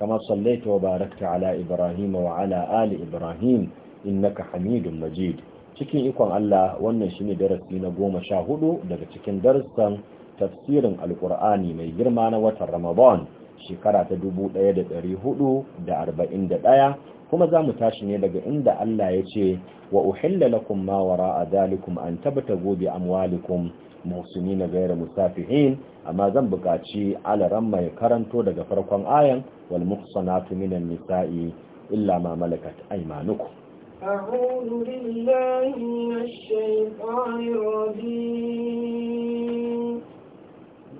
كما صليت وباركت على إبراهيم وعلى آل إبراهيم إنك حميد مجيد cikin ikon Allah wannan shine darasi na goma sha hudu daga cikin darussan tafsirin alkur'ani mai girma na watan Ramadan shekara ta dubu ɗaya da ɗari hudu da arba'in da ɗaya kuma za mu tashi ne daga inda Allah ya ce wa uhilla lakum ma wara a dalikum an tabbata gobe amwalikum musulmi na gaira musafihin amma zan buƙaci alaran mai karanto daga farkon ayan والمحصنات من النساء إلا ما ملكت أيمانكم أعوذ بالله من الشيطان الرجيم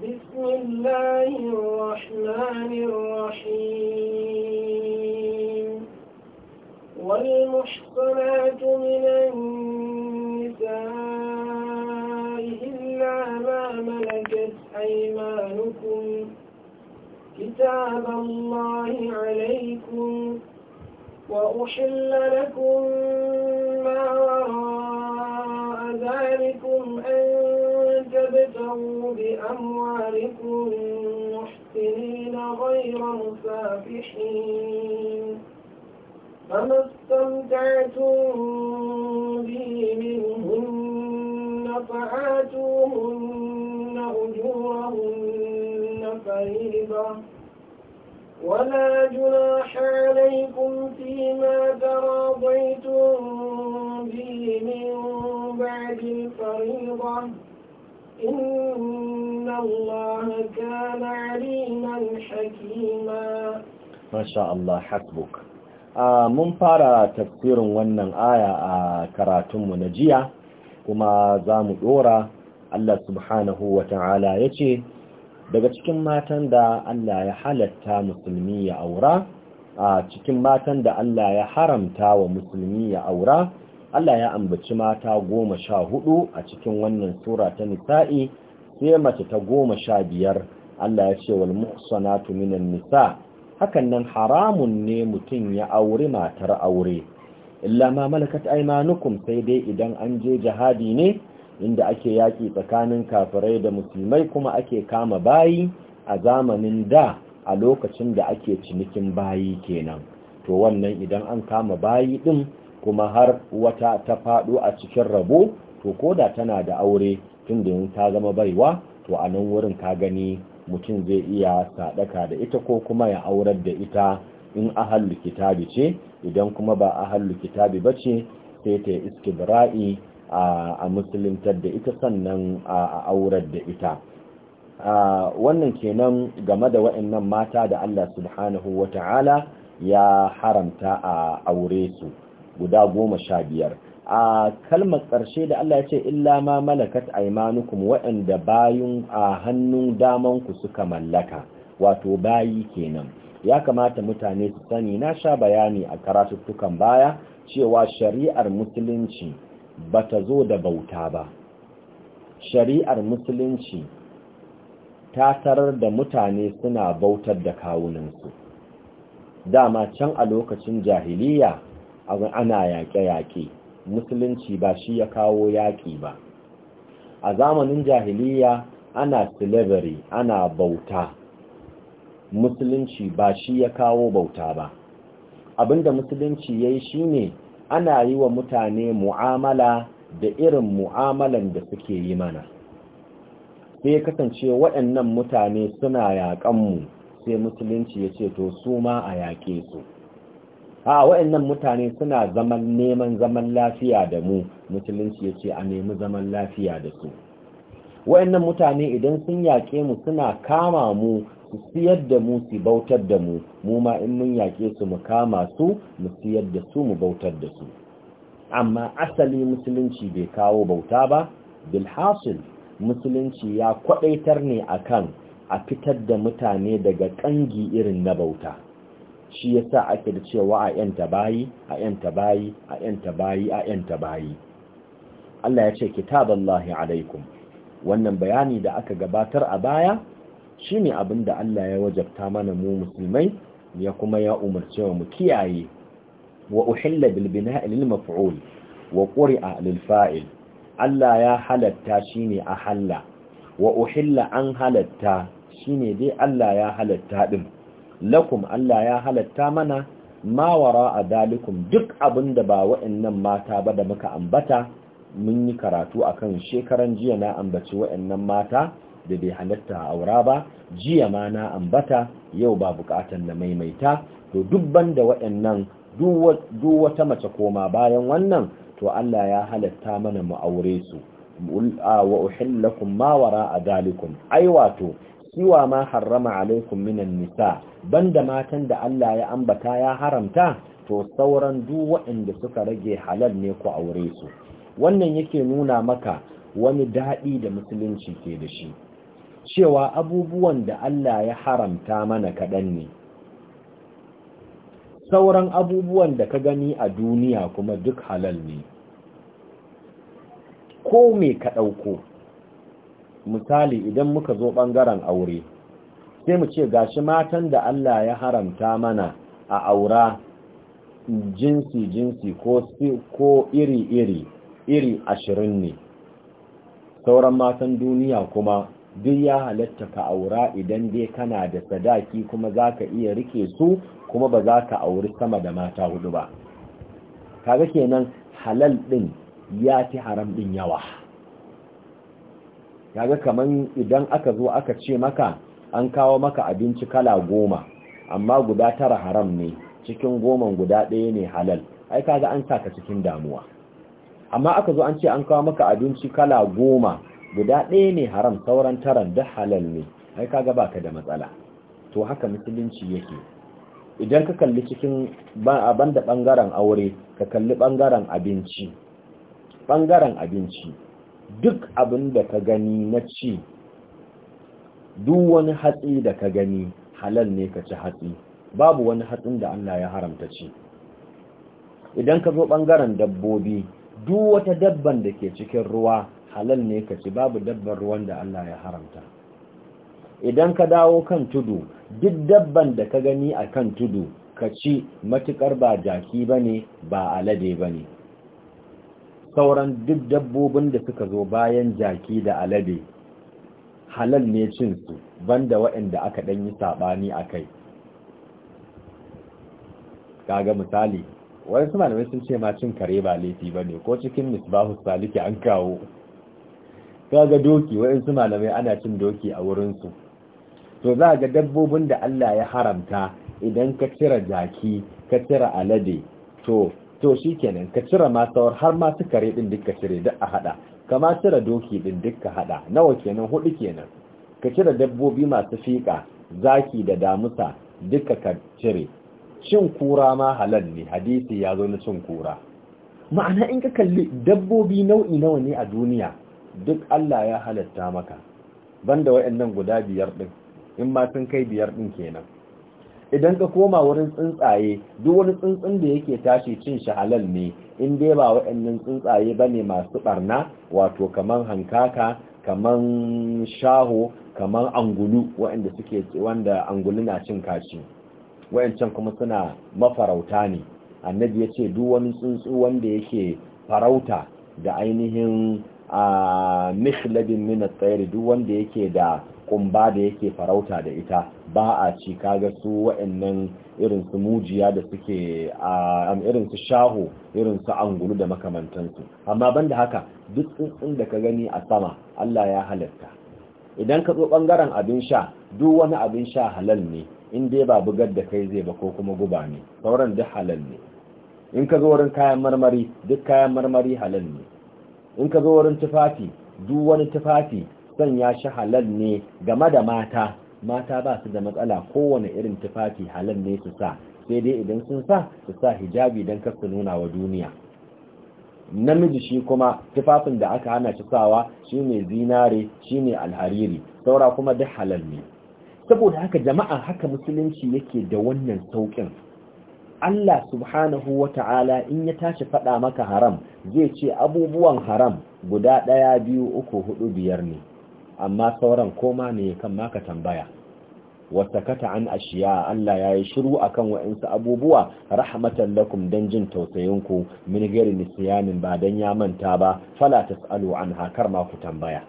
بسم الله الرحمن الرحيم والمحصنات من النساء إلا ما ملكت أيمانكم كتاب الله عليكم وأحل لكم ما وراء ذلكم أن تبتغوا بأموالكم محسنين غير مسافحين فما استمتعتم به منهن فآتوهن أجورهن فريدا ولا جناح عليكم فيما تراضيتم به من بعد الفريضة إن الله كان عليما حكيما ما شاء الله حسبك mun fara tafsirin wannan aya a karatunmu na jiya kuma za mu dora Allah subhanahu wa ta'ala ya ce daga cikin matan da Allah ya halatta musulmi ya aura a cikin matan da Allah ya haramta wa musulmi ya aura Allah ya ambaci mata goma sha hudu a cikin wannan sura ta nisa'i sai mace ta goma sha biyar Allah ya ce wal muhsanatu minan nisa hakan nan haramun ne mutum ya aure matar aure illa ma malakat aymanukum sai dai idan an je jihadi ne inda ake yaƙi tsakanin kafirai da musulmai kuma ake kama bayi a zamanin da a lokacin da ake cinikin bayi kenan to wannan idan an kama bayi ɗin kuma har wata ta faɗo a cikin rabo to koda tana da aure tun da ta zama baiwa to a nan wurin ka gani mutum zai iya sadaka da ita ko kuma ya aurar da ita in ahallu kitabi ce idan kuma ba ahallu kitabi ba ce sai ta yi iskibra'i a musuluntar da ita sannan a aurar da ita wannan kenan game da waɗannan mata da Allah subhanahu wa ta'ala ya haramta a aure su guda goma sha biyar a kalmar ƙarshe da Allah ya ce illa ma malakat aimanukum waɗanda bayun a hannun damanku suka mallaka wato bayi kenan ya kamata mutane su sani na sha bayani a karatuttukan baya cewa shari'ar musulunci ba ta zo da bauta ba shari'ar musulunci ta tarar da mutane suna bautar da kawuninsu dama can a lokacin jahiliya ana yaƙe-yaƙe musulunci ba shi ya kawo yaƙi ba a zamanin jahiliya ana slavery ana bauta musulunci ba shi ya kawo bauta ba abinda musulunci ya yi shi ne ana yi wa mutane mu'amala da irin mu'amalan da suke yi mana sai ya kasance waɗannan mutane suna yaƙanmu sai musulunci ya ce to su ma a yaƙe su a waɗannan mutane suna zaman neman zaman lafiya da mu musulunci ya ce a nemi zaman lafiya da su waɗannan mutane idan sun yaƙe mu suna kama mu su siyar da mu su bautar da mu mu ma in mun yaƙe su mu kama su mu siyar da su mu bautar da su amma asali musulunci bai kawo bauta ba bilhassil musulunci ya kwadaitar ne akan a fitar da mutane daga kangi irin na bauta shi yasa ake da cewa a yanta bayi a yanta bayi a yanta bayi a yanta bayi Allah ya ce kitaballahi alaikum wannan bayani da aka gabatar a baya ne abin da Allah ya wajabta mana mu musulmai ya kuma ya umarce mu kiyaye wa uhilla bil bina'i lil maf'ul wa quri'a lil fa'il Allah ya halatta shine a halla wa uhilla an halatta shine dai Allah ya halatta din lakum Allah ya halatta mana ma wara'a dalikum duk abin da ba wa'annan mata ba da muka ambata mun yi karatu akan shekaran jiya na ambaci wa'annan mata da bai halatta aura ba jiya ma na ambata yau ba bukatan na maimaita to dubban da waɗannan duk wata mace koma bayan wannan to Allah ya halatta mana mu aure su wa uhillakum ma wara adalikum ai wato siwa ma harrama alaikum minan nisa banda matan da Allah ya ambata ya haramta to sauran duk waɗanda suka rage halal ne ku aure su wannan yake nuna maka wani daɗi da musulunci ke da shi cewa abubuwan da Allah ya haramta mana kaɗan ne sauran abubuwan da ka gani a duniya kuma duk halal ne ko me ka ɗauko misali idan muka zo ɓangaren aure sai mu ce gashi matan da Allah ya haramta mana a aura jinsi-jinsi ko iri-iri iri ashirin ne sauran matan duniya kuma duk ya halatta ka aura idan dai kana da sadaki kuma za ka iya rike su kuma ba za ka auri sama da mata hudu ba kaga kenan halal din ya fi haram din yawa kaga kamar idan aka zo aka ce maka an kawo maka abinci kala goma amma guda tara haram ne cikin goman guda ɗaya ne halal ai kaga an saka cikin damuwa amma aka zo an ce an kawo maka abinci kala goma guda ɗaya ne haram sauran taron da halal ne ai ga baka da matsala to haka musulunci yake idan ka kalli cikin ban da bangaren aure ka kalli bangaren abinci bangaren abinci duk abin da ka gani na ci duk wani hatsi da ka gani halal ne ka ci hatsi babu wani hatsin da Allah ya haramta ci idan ka zo ɓangaren dabbobi duk wata dabban da ke cikin ruwa halal ne ka ci babu dabbar ruwan da Allah ya haramta idan ka dawo kan tudu duk dabban da ka gani a kan tudu ka ci matukar ba jaki ba ne, ba alade ba ne. sauran duk dabbobin da suka zo bayan jaki da alade halal ne cinsu, banda waɗanda aka ɗanyi yi a kai kaga misali wani su malamai sun ce ma cin kare ba laifi ba ne ko cikin misbahu saliki an kawo Ka ga doki waɗansu malamai ana cin doki a wurinsu to za ga dabbobin da Allah ya haramta idan ka cire jaki ka cire alade to to shikenan ka cire ma har ma su kare din duka cire duk a hada kama cire doki din duka hada nawa kenan hudu kenan ka cire dabbobi masu fika zaki da damusa duka ka cire cin kura ma halal ne hadisi ya zo na cin kura ma'ana in ka kalli dabbobi nau'i nawa ne a duniya duk Allah ya halatta maka banda wayannan guda biyar din in ma sun kai biyar din kenan idan ka koma wurin tsuntsaye duk wani tsuntsun da yake tashi cin shi ne in dai ba waɗannan tsuntsaye bane masu barna wato kaman hankaka kaman shaho kaman angulu waɗanda suke wanda angulu na cin kashi wayancan kuma suna mafarauta ne annabi yace duk wani tsuntsu wanda yake farauta da ainihin a mishladin min tsayar duk wanda yake da kumba da yake farauta da ita ba a ci kaga su wa'annan irin su mujiya da suke a irin su shaho irin su angulu da makamantansu amma banda haka duk tsuntsun da ka gani a sama Allah ya halatta idan ka zo bangaren abin sha duk wani abin sha halal ne in dai ba bugar da kai zai ba ko kuma guba ne sauran duk halal ne in ka zo wurin kayan marmari duk kayan marmari halal ne in ka zo wurin tufafi duk wani tufafi ya shi halal ne game da mata mata ba su da matsala kowane irin tufafi halal ne su sa sai dai idan sun sa su sa hijabi don ka su nuna wa duniya namiji shi kuma tufafin da aka hana shi sawa shi ne zinare shi ne alhariri saura kuma duk halal ne saboda haka jama'a haka musulunci yake da wannan saukin Allah subhanahu wa ta'ala in ya tashi faɗa maka haram zai ce abubuwan haram guda ɗaya biyu uku hudu biyar ne amma sauran koma ne kan maka tambaya wasakata an ashiya Allah ya yi shiru kan wa'insu abubuwa rahmatan lakum don jin tausayinku min gari nisiyanin ba don ya manta ba fala tas'alu an hakar ma ku tambaya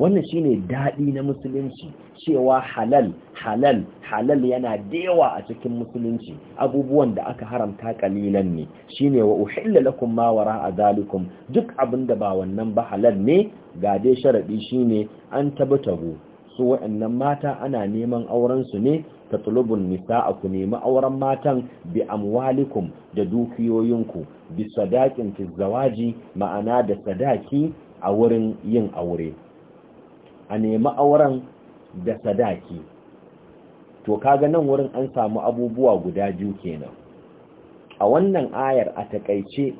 wannan shine daɗi na musulunci cewa halal halal halal yana da yawa a cikin musulunci abubuwan da aka haramta kalilan ne shine wa uhilla lakum ma wara azalikum duk abin da ba wannan ba halal ne ga dai sharadi shine an tabatagu su waɗannan mata ana neman auren su ne ta tulubun nisa'a ku nemi auren matan bi amwalikum da dukiyoyinku bi sadakin fi zawaji ma'ana da sadaki a wurin yin aure a nemi auren da sadaki to kaga nan wurin an samu abubuwa guda biyu kenan a wannan ayar a takaice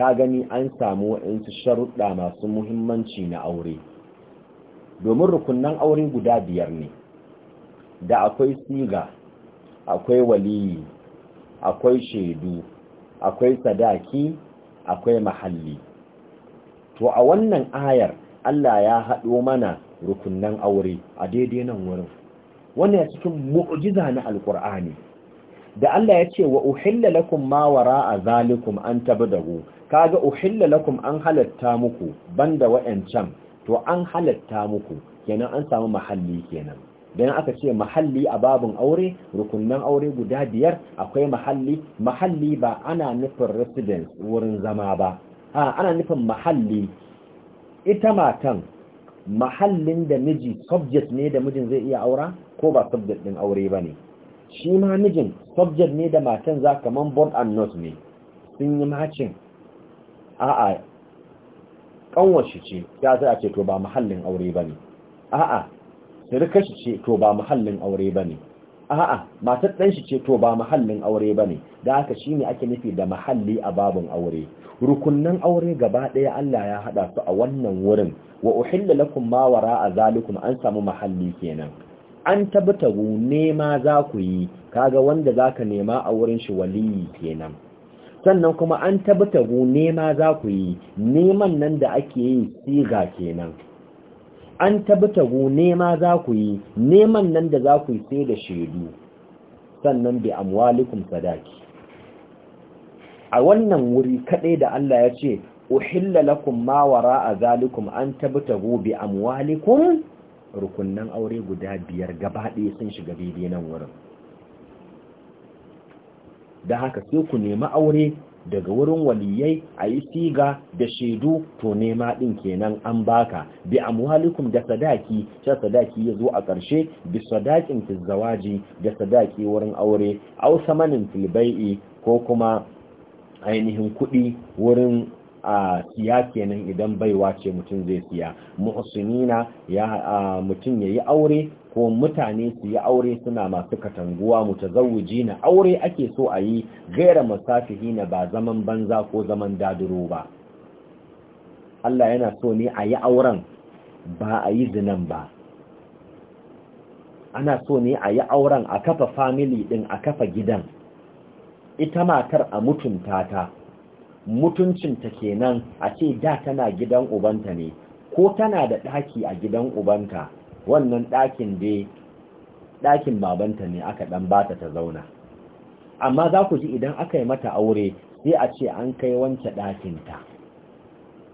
ka gani an samu waɗansu sharuɗa masu muhimmanci na aure domin rukunan aure guda biyar ne da akwai siga akwai waliyi akwai shaidu akwai sadaki akwai mahalli to a wannan ayar Allah ya haɗo mana rukunnan aure a daidai nan wurin wannan cikin mu'jiza na alkur'ani da Allah ya ce wa uhilla lakum ma wara'a zalikum an tabdahu kaga uhilla lakum an halatta muku banda wa'ancan to an halatta muku kenan an samu mahalli kenan dan aka ce mahalli a babun aure rukunnan aure guda biyar akwai mahalli mahalli ba ana nufin residence wurin zama ba ana nufin mahalli ita matan mahallin da miji subject ne da mijin zai iya aura ko ba subject din aure ba ne shi ma mijin subject ne da matan za kaman born and not ne sun yi macin a'a kanwashi ce ya sai a ce to ba mahallin aure ba ne a'a sirkashi ce to ba mahallin aure ba ne a'a matar ɗan shi ce to ba mahallin aure bane da haka shi ne ake nufi da mahalli a babun aure rukunnan aure gaba ɗaya Allah ya haɗa su a wannan wurin wa uhilla lakum ma wara'a a zalikum an samu mahalli kenan an tabbata nema za ku yi kaga wanda zaka nema a wurin shi waliyi kenan sannan kuma an tabbata nema za ku yi neman nan da ake yi siga kenan an go nema za ku yi neman nan da za ku yi sai da shaidu sannan bi amwalikum sadaki a wannan wuri kadai da Allah ya ce uhilla lakum ma wara'a zalikum an tabtago bi amwalikum rukunnan aure guda biyar gaba ɗaya sun shiga daidai nan wurin da haka sai ku nemi aure daga wurin waliyai a yi siga da shaidu to nema ɗin kenan an baka bi amwalikum da sadaki sha sadaki ya zo a ƙarshe bi sadakin fizzawaji da sadaki wurin aure au samanin filbai'i ko kuma ainihin kuɗi wurin a siya kenan idan baiwa ce mutum zai siya muhsinina ya mutum yayi aure ko mutane su yi aure suna masu katanguwa mutazawwiji na aure ake so a yi gaira masafihi na ba zaman banza ko zaman daduro ba Allah yana so ne a yi auren ba a yi zinan ba ana so ne a yi auren a kafa family din a kafa gidan ita matar a mutunta ta mutuncinta kenan a ce da tana gidan ubanta ne ko tana da ɗaki a gidan ubanta wannan ɗakin da ɗakin babanta ne aka ɗan bata ta zauna amma za ku ji idan aka yi mata aure sai a ce an kai wance ɗakinta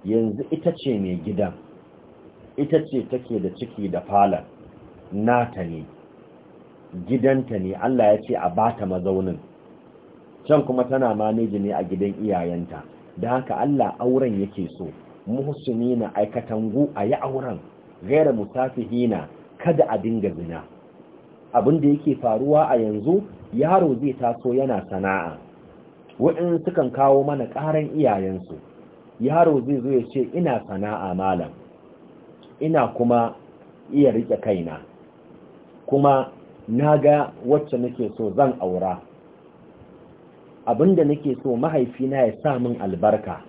yanzu ita ce mai gidan ita ce take da ciki da falon nata ne gidanta ne Allah ya ce a bata mazaunin can kuma tana miji ne a gidan iyayenta da haka Allah auren yake so muhsini na gu a yi auren gaira musafihina kada a dinga zina abin da yake faruwa a yanzu yaro zai taso yana sana'a wa'in sukan kawo mana ƙaran iyayensu yaro zai zo ya ce ina sana'a malam ina kuma iya riƙe kaina kuma na ga wacce nake so zan aura da nake so mahaifina ya sa min albarka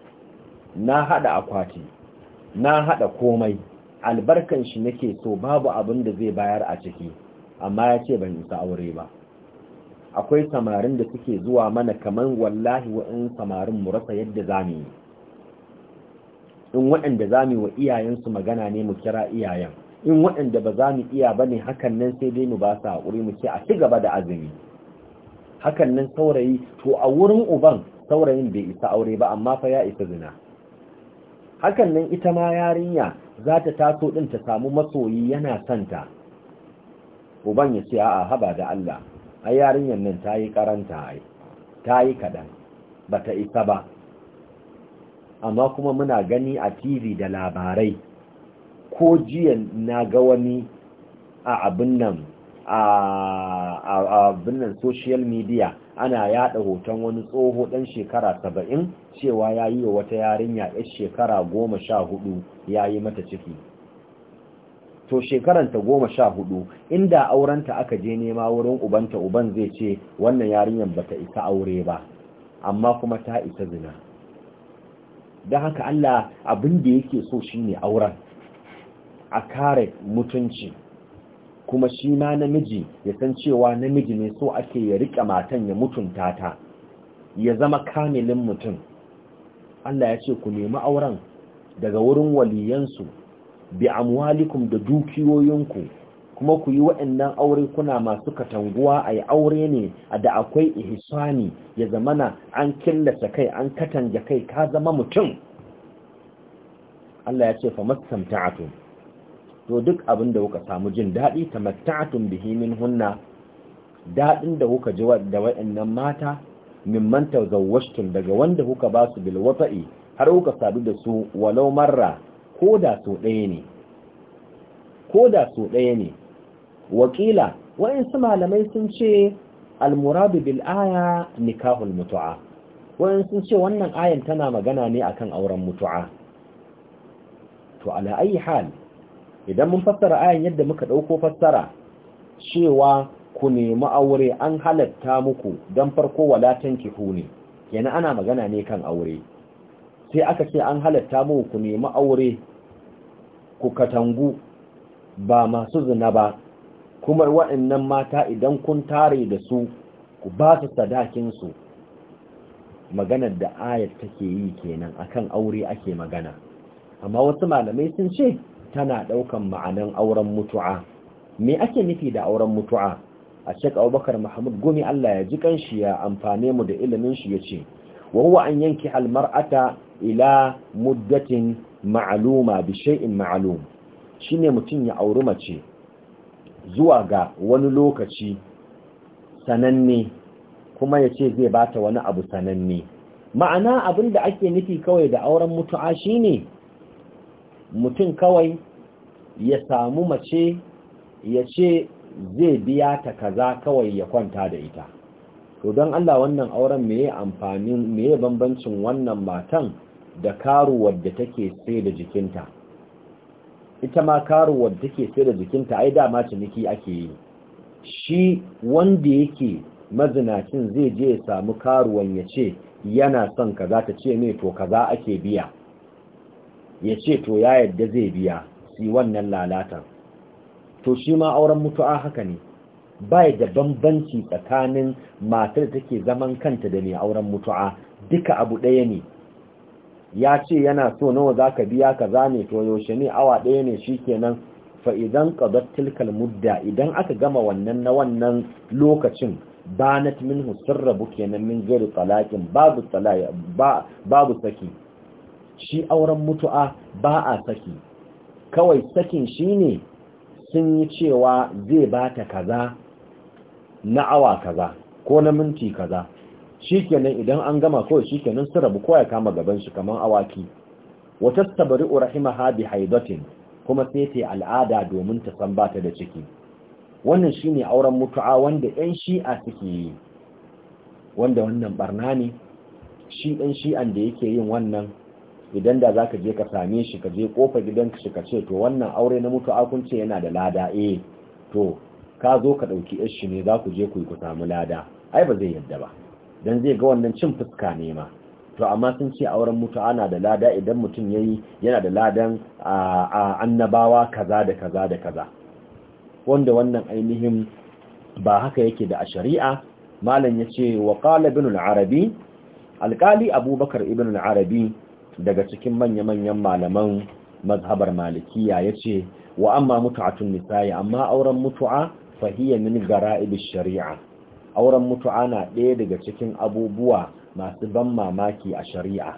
na hada akwati na hada komai albarkan shi nake so babu abin da zai bayar a ciki amma ya ce ban isa aure ba akwai samarin da suke zuwa mana kamar wallahi wa'in samarin mu rasa yadda zamu yi in waɗanda zamu wa iyayensu magana ne mu kira iyayen in waɗanda ba za mu iya ba ne hakan nan sai dai mu ba su haƙuri mu ce a ci gaba da azumi hakan nan saurayi to a wurin uban saurayin bai isa aure ba amma fa ya isa zina hakan nan ita ma yarinya za ta taso din ta samu masoyi yana santa uban ya ce a'a haba da Allah ai yarinyar nan ta yi karanta ai ta yi kaɗan ba ta isa ba amma kuma muna gani a tv da labarai ko jiya na ga wani a abin nan a binnan social media ana yaɗa hoton wani tsoho ɗan shekara saba'in cewa ya yi wa wata yarinya yar shekara goma sha hudu ya yi mata ciki to ta goma sha hudu inda aurenta aka je nema wurin ubanta uban zai ce wannan yarinyar ta isa aure ba amma kuma ta isa zina don haka Allah abin da yake so shine auren a kare mutunci kuma shi ma namiji ya san cewa namiji ne so ake ya rika matan ya mutunta ta ya zama kamilin mutum Allah ya ce ku nemi auren daga wurin waliyansu bi amwalikum da dukiyoyinku kuma ku yi waɗannan aure kuna masu katanguwa a yi aure ne a da akwai ihsani ya zamana an killace kai an katanga kai ka zama mutum Allah ya ce fa mastamta'atun to duk abin da kuka samu jin daɗi ta bihi min hunna daɗin da kuka ji da waɗannan mata min man tazawwashtun daga wanda kuka ba su bil wata'i har kuka sadu da su walau marra ko da so ɗaya ne ko da su ɗaya ne wakila waɗansu malamai sun ce almuradu bil aya nikahul mutu'a waɗansu sun ce wannan ayan tana magana ne akan auren mutu'a to ala ayi hal idan mun fassara ayan yadda muka ɗauko fassara cewa ku nemi aure an halatta muku don farko walatan kihu ne yana ana magana ne kan aure sai aka ce an halatta muku ku nemi aure ku katangu ba masu zina ba kuma waɗannan mata idan kun tare da su ku ba su sadakinsu maganar da ayat take yi kenan akan aure ake magana amma wasu malamai sun ce tana ɗaukan ma'anan auren mutu'a me ake nufi da auren mutu'a a shek abubakar mahmud gumi allah ya ji kanshi ya amfane mu da ilimin shi yace ce wa huwa an yanki almar'ata ila muddatin ma'aluma bi shay'in ma'alum shine mutum ya auri mace zuwa ga wani lokaci sananne kuma yace zai bata wani abu sananne ma'ana abin da ake nufi kawai da auren mutu'a shine mutum kawai ya samu mace ya ce zai biya ta kaza kawai ya kwanta da ita to don Allah wannan auren meye amfanin meye bambancin wannan matan da karuwar da take sai da jikinta ita ma karuwar da take sai da jikinta ai dama ciniki ake yi shi wanda yake mazinacin zai je ya samu karuwan ya ce yana son kaza ta ce mai to kaza ake biya ya ce to ya yadda zai biya si wannan lalata to shi ma auren mutu'a haka ne bai da bambanci tsakanin matar da take zaman kanta da mai auren mutu'a duka abu ɗaya ne ya ce yana so nawa za ka biya ka zane to yaushe ne awa ɗaya ne shi kenan fa'idan ƙazar tilkal mudda idan aka gama wannan na wannan lokacin banat min husar rabu kenan min gari tsalakin babu saki shi auren mutu'a ba a saki kawai sakin shi ne sun yi cewa zai ba ta kaza na awa kaza ko na minti kaza shikenan idan an gama kawai shikenan su rabu ko ya kama gaban shi kamar awaki wata tabri'u rahimaha bi haidatin kuma sai ta al'ada domin ta san bata da ciki wannan shine auren mutu'a wanda ɗan shi'a suke yi wanda wannan barna ne shi ɗan shi'an da yake yin wannan idan da zaka je ka same shi ka je kofa gidan shi ka ce to wannan aure na mutu akun ce yana da lada eh to ka zo ka ɗauki yar shi ne za ku je ku yi ku samu lada ai ba zai yadda ba dan zai ga wannan cin fuska ne ma to amma sun ce auren mutu ana da lada idan mutum yayi yana da ladan annabawa kaza da kaza da kaza wanda wannan ainihin ba haka yake da a shari'a malam yace wa qala ibn arabi abubakar ibn al daga cikin manya-manyan malaman mazhabar malikiya ya ce wa amma mutu'atun nisa'i amma auren mutu'a fahiyya min gara'ib shari'a auren mutu'a na ɗaya daga cikin abubuwa masu ban mamaki a shari'a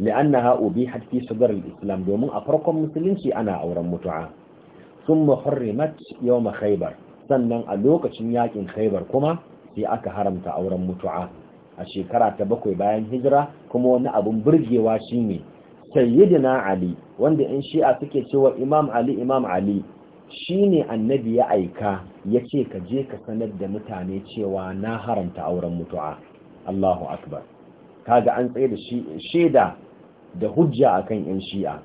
li'annaha ubihat fi sadar islam domin a farkon musulunci ana auren mutu'a Sun thumma yau ma khaibar sannan a lokacin yakin khaibar kuma sai aka haramta auren mutu'a a shekara ta bakwai bayan hijira kuma wani abun burgewa shine sayyidina ali wanda in shi'a suke cewa imam ali imam ali shi ne annabi ya aika ya ce ka je ka sanar da mutane cewa na haramta auren mutu'a Allahu akbar kaga an tsaye da shaida da hujja akan yan shi'a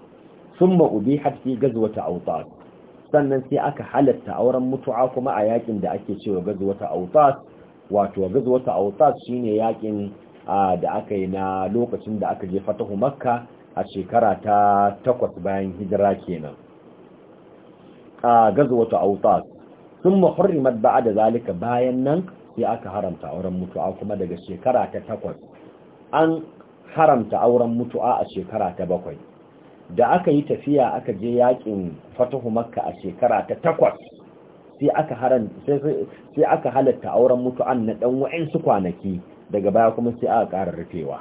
summa hafi fi gazwata awtas sannan sai aka halatta auren mutu'a kuma a yakin da ake cewa wata awtas wato wata awsat shine yakin da aka yi na lokacin da aka je fatahu makka a shekara ta takwas bayan hijira kenan a gazwata awsat sun mahurrimat da zalika bayan nan sai aka haramta auren mutu'a kuma daga shekara ta takwas an haramta auren mutu'a a shekara ta bakwai da aka yi tafiya aka je yakin fatahu makka a shekara ta takwas sai aka haran halatta auren mutu'an na dan su kwanaki daga baya kuma sai aka ƙara rufewa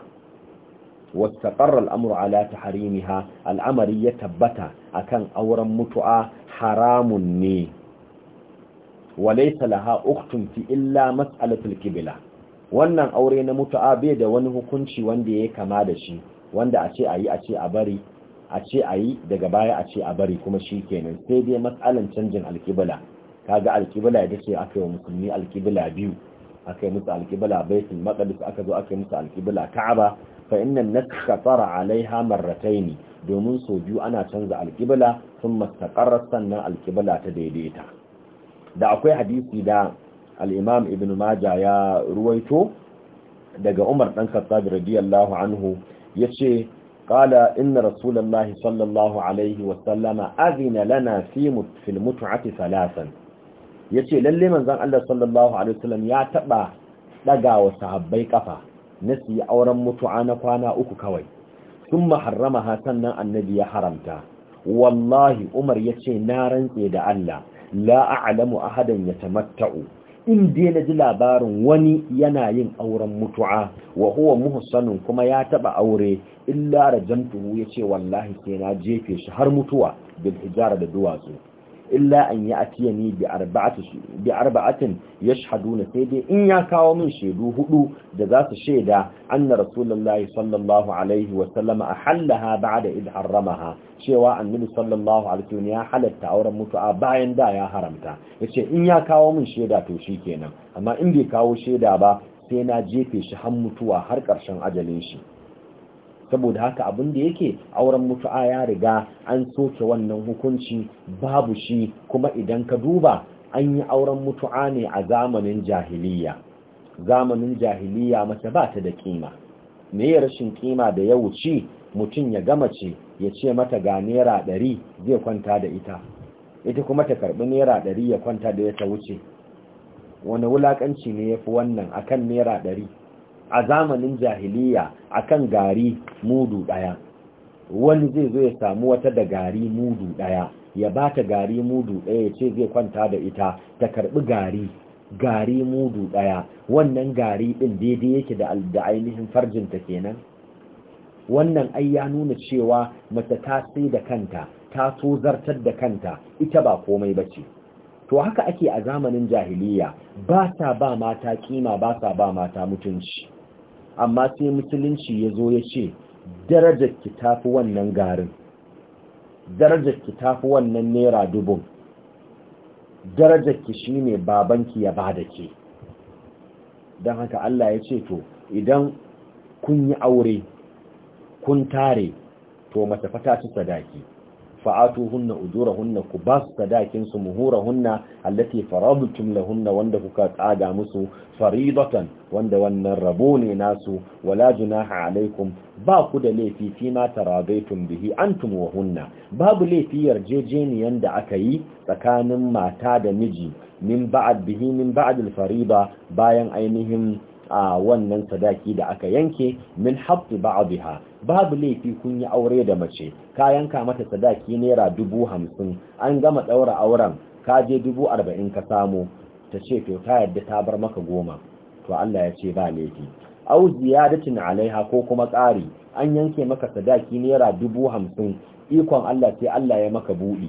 wastaqarra al-amru ala tahrimiha al-amri ya tabbata a kan auren mutu'a haramun ne walaysa laha ukhtun illa mas'alatul qibla wannan aure na mutu'a bai da wani hukunci wanda ya kama da shi wanda a ce a yi a ce a bari a ce a yi daga baya a ce a bari kuma shi kenan sai dai matsalan canjin alkibala kaga alkibla da ce aka yi musulmi alkibla biyu aka yi musu alkibla baitul maqdis aka zo aka yi musu alkibla ka'aba fa inna nakka tara alaiha marratayn domin so biyu ana canza alkibla sun taqarrar sannan alkibla ta daidaita da akwai hadisi da al-imam ibn majah ya ruwaito daga umar dan khattab radiyallahu anhu yace قال إن رسول الله صلى الله عليه وسلم أذن لنا في المتعة ya ce lalle manzan Allah sallallahu Alaihi wasallam ya taɓa ɗaga wa sahabbai ƙafa na siya auren mutu'a na kwana uku kawai sun maharrama ha sannan annabi ya haramta wallahi umar ya ce na rantse da Allah la a'lamu ahadan ya tamatta'u in dai na ji labarin wani yana yin auren mutu'a wa huwa kuma ya taɓa aure illa rajamtuhu ya ce wallahi sai na jefe shi har mutuwa bil hijara da duwatsu illa an yi atiyani bi arba'atin ya shahaduna sai dai in ya kawo min shaidu huɗu da za su shaida anna rasulullahi sallallahu alaihi a hallaha ba da id harramaha cewa annabi sallallahu ya halatta auren mutu'a bayan da ya haramta yace in ya kawo min shaida to shi kenan, amma in bai kawo shaida ba sai na jefe shi har mutuwa har ƙarshen ajalin shi saboda haka abin da yake auren mutu'a ya riga an soke wannan hukunci babu shi kuma idan ka duba an yi auren mutu'a ne a zamanin jahiliya zamanin jahiliya mace ba ta da kima me ya rashin kima da ya wuce mutum ya gama ce ya ce mata ga naira ɗari zai kwanta da ita ita kuma ta karɓi naira ɗari ya kwanta da ya ta wuce wani wulaƙanci ne ya fi wannan akan naira ɗari a zamanin jahiliya kan gari mudu ɗaya wani zai zo ya samu wata da gari mudu ɗaya ya ba ta gari mudu ɗaya ya ce zai kwanta da ita ta karɓi gari gari mudu ɗaya wannan gari ɗin daidai yake da ainihin farjinta kenan wannan ai ya nuna cewa mace ta sai da kanta ta so zartar da kanta ita ba komai ba ce to haka ake a zamanin jahiliya ba sa ba mata kima ba sa ba mata mutunci amma sai musulunci ya zo ya ce darajar ki tafi wannan garin darajar ki tafi wannan naira dubun darajar ki shi ne babanki ya bada ke don haka Allah ya ce to idan kun yi aure kun tare to mace fata ci sadaki fa'atuhunna ujurahunna ku ba su sadakin su muhurahunna allati faradtum lahunna wanda kuka tsada musu faridatan wanda wannan rabo ne nasu wala junaha alaikum ba ku da laifi fi ma taradaitum bihi antum wa hunna babu laifi yarjejeniyan da aka yi tsakanin mata da miji min ba'd bihi min ba'd al-fariba bayan ainihin a wannan sadaki da aka yanke min haqqi ba'dha babu laifi kun yi aure da mace ka yanka mata sadaki naira dubu hamsin an gama ɗaura auren ka je dubu arba'in ka samu ta ce to ta yadda ta bar maka goma to Allah ya ce ba laifi au ziyadatin alaiha ko kuma ƙari an yanke maka sadaki naira dubu hamsin ikon Allah sai Allah ya maka buɗi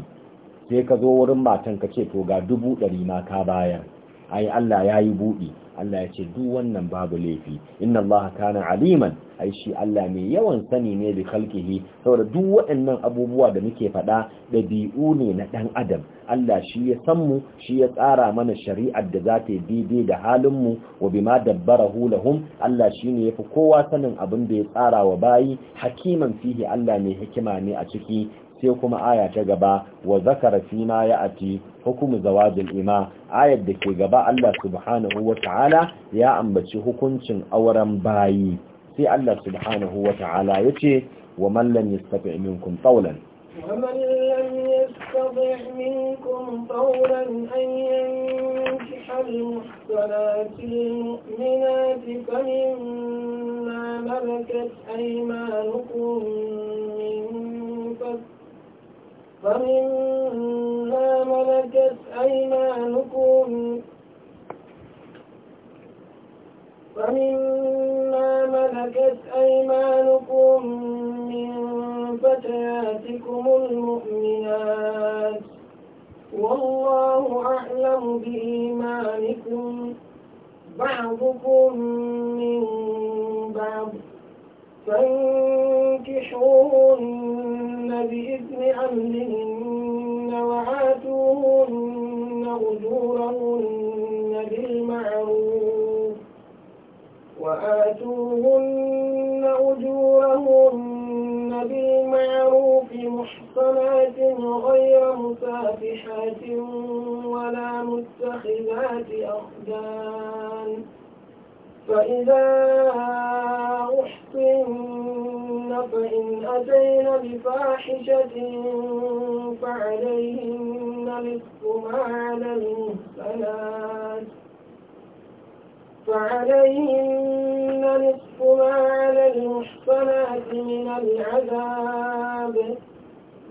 sai ka zo wurin matan ka ce to ga dubu ɗari ma ka bayar ai Allah ya yi buɗi Allah ya ce duk wannan babu laifi inna Allah kana aliman ai shi Allah mai yawan sani ne da kalkihi saboda duk waɗannan abubuwa da muke faɗa ɗabi'u ne na ɗan adam Allah shi ya san mu shi ya tsara mana shari'ar da za ta yi daidai da halin mu wa bima dabbarahu lahum Allah shi ne yafi kowa sanin abin da ya tsara wa bayi hakiman fihi Allah mai hikima ne a ciki sai kuma aya ta gaba wa zakara fi ma ya'ati hukumu zawajil ima ayar da ke gaba Allah subhanahu wata'ala ya ambaci hukuncin auren bayi sai Allah subhanahu wata'ala yace wa man lam yastati' minkum tawlan ومن لم يستطع منكم طولا أن ينكح المحصنات المؤمنات فمما ملكت أيمانكم من فسق فمما ملكت أيمانكم فمما ملكت أيمانكم من فتياتكم المؤمنات والله أعلم بإيمانكم بعضكم من بعض فانكحوهن بإذن أهلهن وآتوهن أجورهن بالمعروف وآتوهن أجورهن بالمعروف محصنات غير مسافحات ولا متخذات أخدان فإذا أحصن فإن أتينا بفاحشة فعليهن نصف ما على المحسنات فعليهن نصف ما على المحصنات من العذاب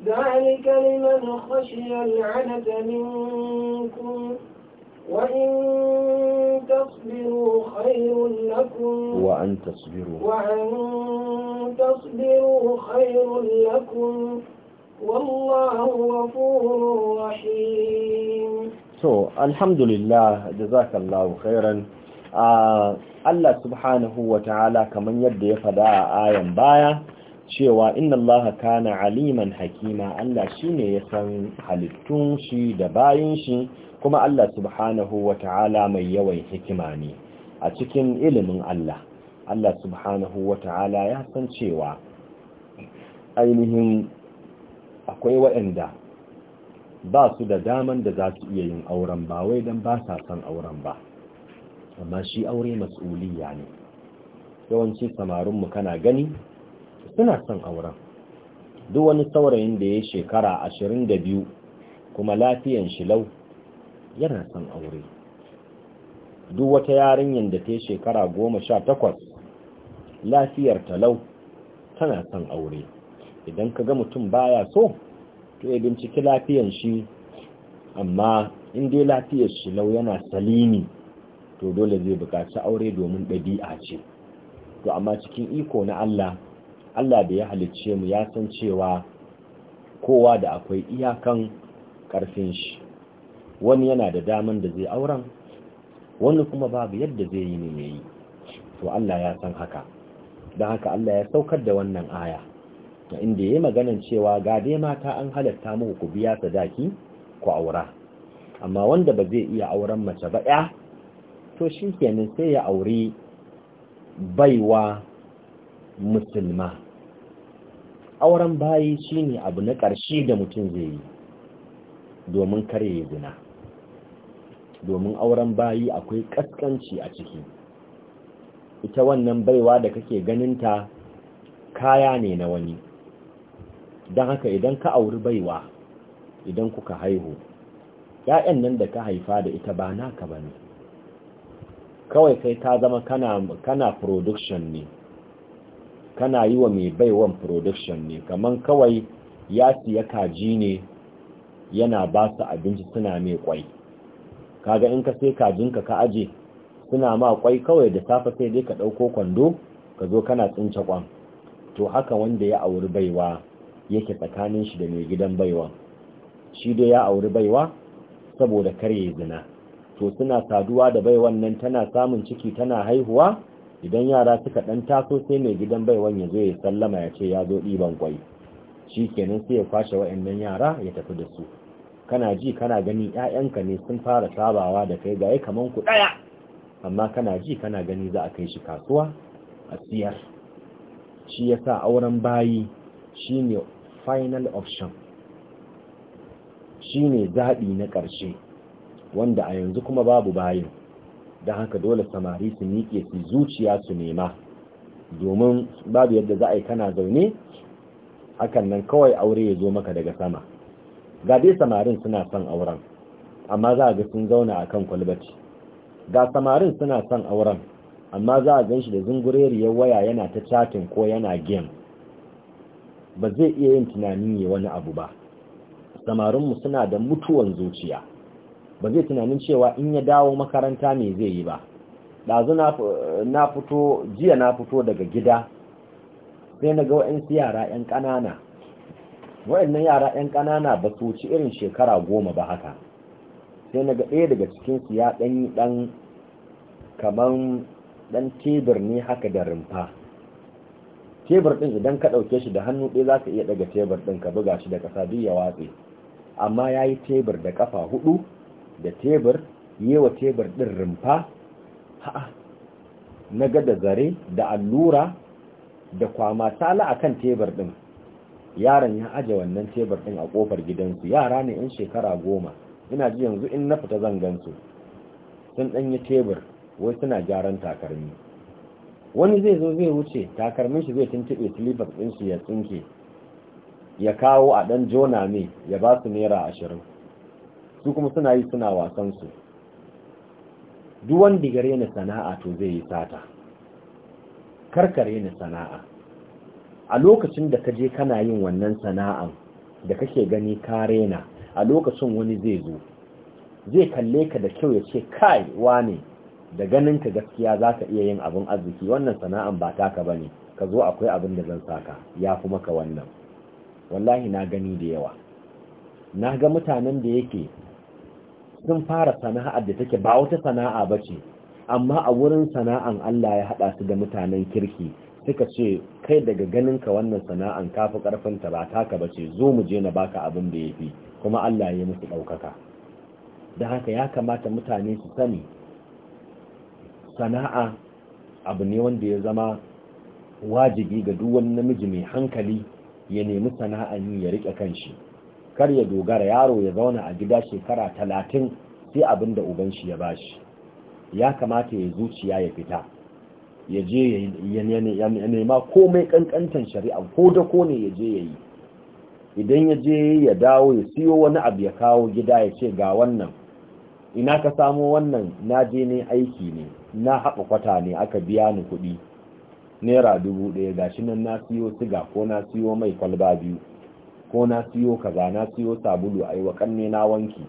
ذلك لمن خشي العنة منكم وإن تصبروا خير لكم وأن تصبروا وأن تصبروا خير لكم والله غفور رحيم so alhamdulillah jazakallahu khairan ah, Allah subhanahu wa ta'ala kaman yadda ya fada a ayan baya cewa inna Allah kana aliman hakima Allah shi ne ya san halittun shi da bayin shi kuma Allah subhanahu wa ta'ala mai yawan hikima ne a cikin ilimin Allah Allah subhanahu wa ta'ala ya san cewa ainihin akwai waɗanda ba su da daman da za su iya yin auren ba wai don ba sa son auren ba amma shi aure matsuliya ne yawanci samarinmu kana gani suna son auren duk wani saurayin da ya shekara ashirin da biyu kuma lafiyan shi lau yana son aure duk wata yarinyar da ta yi shekara goma sha takwas lafiyar talau tana son aure idan ka ga mutum baya so to ya binciki lafiyar shi amma in dai lafiyar shi lau yana salimi to dole zai buƙaci aure domin ɗabi'a ce to amma cikin iko na Allah Allah da ya halicce mu ya san cewa kowa da akwai iyakan ƙarfin shi wani yana da daman da zai auren wani kuma babu yadda zai yi ne yi, to Allah ya san haka don haka Allah ya saukar da wannan aya inda ya yi maganan cewa ga dai mata an halatta muku ku biya sadaki ku aura amma wanda ba zai iya auren mace ba ɗaya to shi kenan sai ya auri baiwa musulma auren bayi shine abu na ƙarshe da mutum zai yi domin kare zina domin auren bayi akwai ƙasƙanci a ciki ita wannan baiwa da kake ganin ta kaya ne na wani don haka idan ka auri baiwa idan kuka haihu ‘ya'yan nan da ka haifa da ita ba naka ba ne kawai sai ta zama kana, kana production ne kana yi wa mai baiwan production ne kamar kawai ya siya kaji ne yana ba su abinci suna mai kwai kaga in ka sai kajinka ka aje suna ma kwai kawai da safe sai dai ka ɗauko kwando ka zo kana tsince kwan to haka wanda ya auri baiwa yake tsakanin shi da mai gidan baiwa shi dai ya auri baiwa saboda kar ya zina to suna saduwa da baiwan nan tana samun ciki tana haihuwa idan yara suka dan taso sai mai gidan baiwan ya zo ya sallama ya ce ya zo ɗiban kwai shi kenan sai ya kwashe wa'annan yara ya tafi da su kana ji kana gani 'ya'yanka ne sun fara sabawa da kai ga kaman ku ɗaya amma kana ji kana gani za a kai shi kasuwa a siyar shi ya sa auren bayi shine final option shine zaɓi na ƙarshe wanda a yanzu kuma babu bayin don haka dole samari su miƙe su zuciya su nema domin babu yadda za a yi kana zaune hakan nan kawai aure ya zo maka daga sama ga samarin suna son auren amma za a ga sun zauna a kan kwalbaci ga samarin suna son auren amma za a gan shi da zungureriyar waya yana ta chatin ko yana game ba zai iya yin tunanin ya wani abu ba samarinmu suna da mutuwan zuciya ba zai tunanin cewa in ya dawo makaranta ne zai yi ba ɗazu na fito jiya na fito daga gida sai na ga wa'yansu yara 'yan ƙanana wa'yannan yara 'yan ƙanana ba su wuci irin shekara goma ba haka sai na ga ɗaya daga cikinsu ya ɗan yi ɗan kaman ɗan tebur ne haka da rumfa tebur ɗin idan ka ɗauke shi da hannu ɗaya za ka iya ɗaga tebur ɗin ka buga shi da ƙasa duk ya watse amma ya yi tebur da ƙafa hudu da tebur yi wa tebur ɗin rumfa ha'a na ga da zare da allura da kwama tala a kan tebur ɗin yaron ya aje wannan tebur ɗin a ƙofar gidansu yara ne 'yan shekara goma ina ji yanzu in na fita zan gansu sun yi tebur wai suna gyaran takarmi wani zai zo zai wuce takarmin shi zai tuntuɓe silifas ɗin shi ya tsinke ya kawo a ɗan jona ne ya ba su naira ashirin su kuma suna yi suna wasan su duk wanda sana'a to zai yi sata karkare ni sana'a a lokacin da ka je kana yin wannan sana'an da kake gani ka rena a lokacin wani zai zo zai kalle ka da kyau ya ce kai wane da ganin ka gaskiya za ka iya yin abin arziki wannan sana'an ba taka ba ne ka zo akwai abin da zan saka ya fi maka wannan wallahi na gani da yawa na ga mutanen da yake sun fara sana'ar da take ba wata sana'a ba ce amma a wurin sana'an Allah ya haɗa su da mutanen kirki suka ce kai daga ganin ka wannan sana'an fi ƙarfinta ba taka ba ce zo mu je na baka abin da ya fi kuma Allah ya musu ɗaukaka da haka ya kamata mutane su sani sana'a abu ne wanda ya zama wajibi ga duwan namiji mai hankali ya nemi sana'an yi ya riƙe shi, kar ya dogara yaro ya zauna a gida shekara talatin sai abin da uban shi ya bashi ya kamata ya zuciya ya fita ya je ya nema komai kankantan shari'a ko da ko ne ya je ya yi idan ya je ya dawo ya siyo wani abu ya kawo gida ya ce ga wannan ina ka samo wannan na je ne aiki ne na haɓa kwata ne aka biya ni kuɗi naira dubu ɗaya ga shi nan na siyo siga ko na siyo mai kwalba biyu ko na siyo kaza na siyo sabulu a yi wa ƙanne na wanki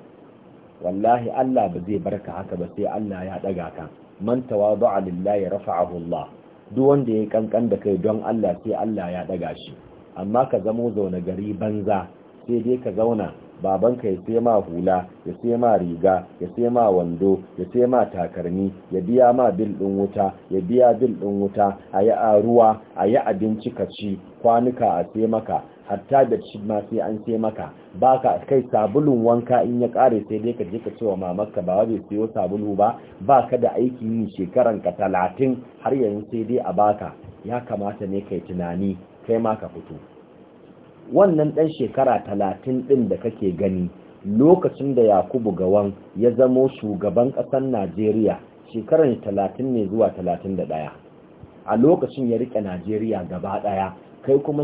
wallahi Allah ba zai barka haka ba sai Allah ya ɗaga ka man tawadu lillahi rafa'ahu Allah duk wanda ya kankan da kai don Allah sai Allah ya ɗaga shi amma ka zamo zaune gari banza sai dai ka zauna babanka ya sai ma hula ya sai ma riga ya sai ma wando ya sai ma takarmi ya biya ma bil ɗin wuta ya biya bil ɗin wuta a yi aruwa ruwa a yi abinci ka ci kwanuka a sai maka hatta da shi ma sai an sai maka baka kai sabulun wanka in ya kare sai dai ka je ka cewa mamarka ba bai siyo sabulu ba baka da aiki yi shekaran ka talatin har yanzu sai dai a baka ya kamata ne kai tunani kai ma ka fito wannan ɗan shekara talatin ɗin da kake gani lokacin da yakubu gawan ya zamo shugaban ƙasar najeriya shekarar talatin ne zuwa talatin da ɗaya a lokacin ya riƙe najeriya gaba ɗaya kai kuma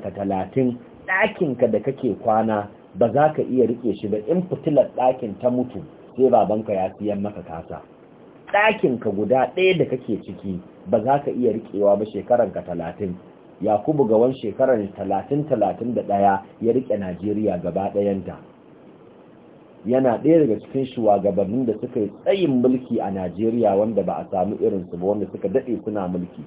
ka talatin ɗakinka da kake kwana ba za ka iya riƙe shi ba in fitilar ɗakin ta mutu sai babanka ya siyan maka kasa ka guda ɗaya da kake ciki ba za ka iya riƙewa ba ka talatin yakubu gawan shekarar talatin-talatin da ɗaya ya rike najeriya gaba ɗayanta yana ɗaya daga cikin shugabannin da suka yi tsayin mulki a najeriya wanda ba a samu irinsu ba wanda suka daɗe suna mulki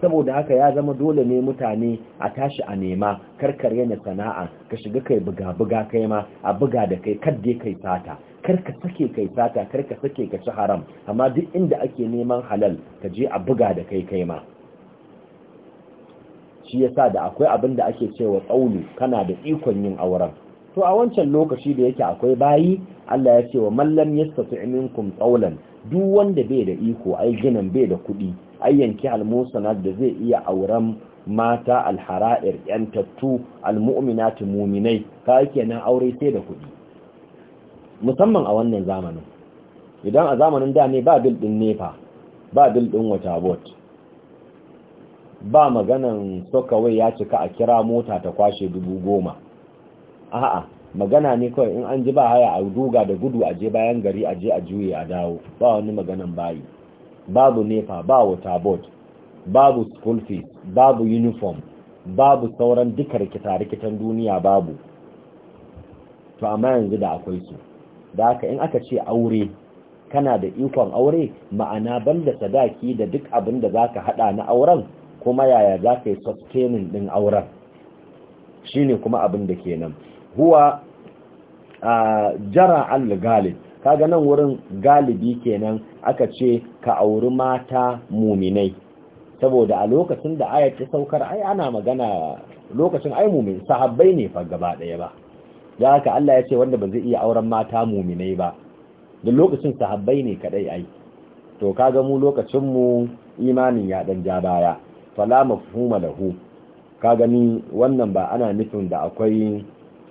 saboda haka ya zama dole ne mutane a tashi a nema karkar yana sana'a ka shiga kai buga-buga kai ma a buga da kai kadde kai sata ka sake kai sata karka sake ka ci haram amma duk inda ake neman halal ka je a buga da kai kai ma shi yasa da akwai abin da ake cewa tsaulu kana da ikon yin auren to a wancan lokaci da yake akwai bayi Allah ya ce wa mallam yastati minkum tsaulan duk wanda bai da iko ai ginin bai da kuɗi ai yanki almusanat da zai iya auren mata alhara'ir yantattu almu'minatu muminai ka nan aure sai da kuɗi musamman a wannan zamanin idan a zamanin da ne ba bil din nefa ba bil din wata bot ba maganan wai ya cika a kira mota ta kwashe dubu goma a'a magana ne kawai in an ji ba haya a duga da gudu a je bayan gari a je a juye a dawo ba wani maganan bayi babu nefa ba wata bot babu school fees babu uniform babu sauran duka rikita-rikitan duniya babu to amma yanzu da akwai su da haka in aka ce aure kana da ikon aure ma'ana banda sadaki da duk abin da za ka haɗa na auren kuma yaya za ka yi sustaining ɗin auren Shi ne kuma abin da ke nan huwa jara al-galib ga nan wurin galibi kenan aka ce ka auri mata muminai saboda a lokacin da ayat ta saukar ai ana magana lokacin ai mumin sahabbai ne fa gaba daya ba da haka Allah ya ce wanda ba zai iya auren mata muminai ba da lokacin sahabbai ne kadai ai to kaga mu lokacin mu imanin ya dan ja baya fala mafhuma lahu ka gani wannan ba ana nufin da akwai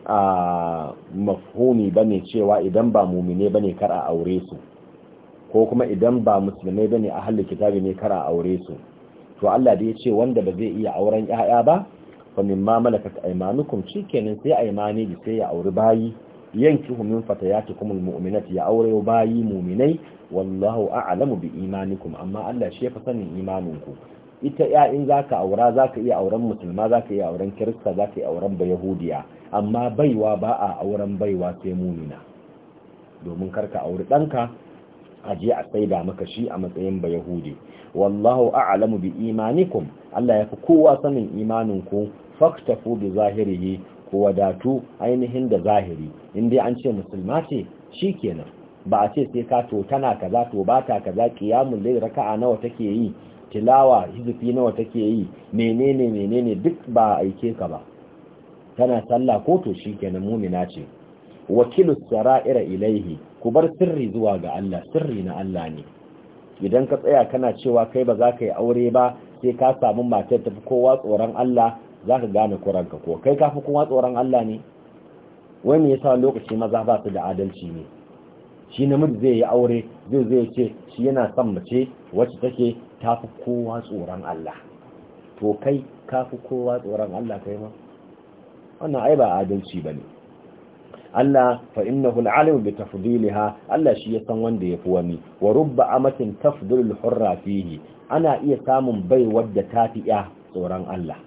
a mafhumi bane cewa idan ba mumine bane kar a aure su ko kuma idan ba musulmai bane halin kitabi ne kar a aure su to Allah da ya ce wanda ba zai iya auren 'ya'ya ba fa ma malakat aymanukum shikenan sai aymani bi sai ya auri bayi yankihu min fatayatikum almu'minati ya aure bayi mu'minai wallahu a'lamu bi imanikum amma Allah shi ya fa sanin imaninku ita ya in zaka aura zaka iya auren musulma zaka iya auren kirista zaka iya auren bayahudiya amma baiwa ba a auren baiwa sai mumina domin karka auri ɗanka a je a saida maka shi a matsayin bayahudi wallahu a'lamu bi imanikum Allah ya fi kowa sanin imanin imaninku faktafu bi zahirihi ku wadatu ainihin da zahiri in dai an ce musulma ce shi kenan ba a ce sai ka to tana kaza to bata kaza qiyamul layl raka'a nawa take yi tilawa hizifi nawa take yi menene menene duk ba aike ka ba tana sallah ko to shikenan mumina ce wakilu sara'ira ilaihi ku bar sirri zuwa ga Allah sirri na Allah ne idan ka tsaya kana cewa kai ba za ka yi aure ba sai ka samu matar tafi kowa tsoron Allah za ka gane kuranka ko kai ka fi kowa tsoron Allah ne wani ya sa lokaci maza ba su da adalci ne shi namiji zai yi aure zai zai ce shi yana son mace wacce take ta fi kowa tsoron Allah to kai ka fi kowa tsoron Allah kai ma wannan ai ba adalci ba ne Allah fa innahu al-alim bi tafdiliha Allah shi ya san wanda ya fi wani wa rubba amatin tafdilul hurra fihi ana iya samun bai wadda ta fi ya tsoron Allah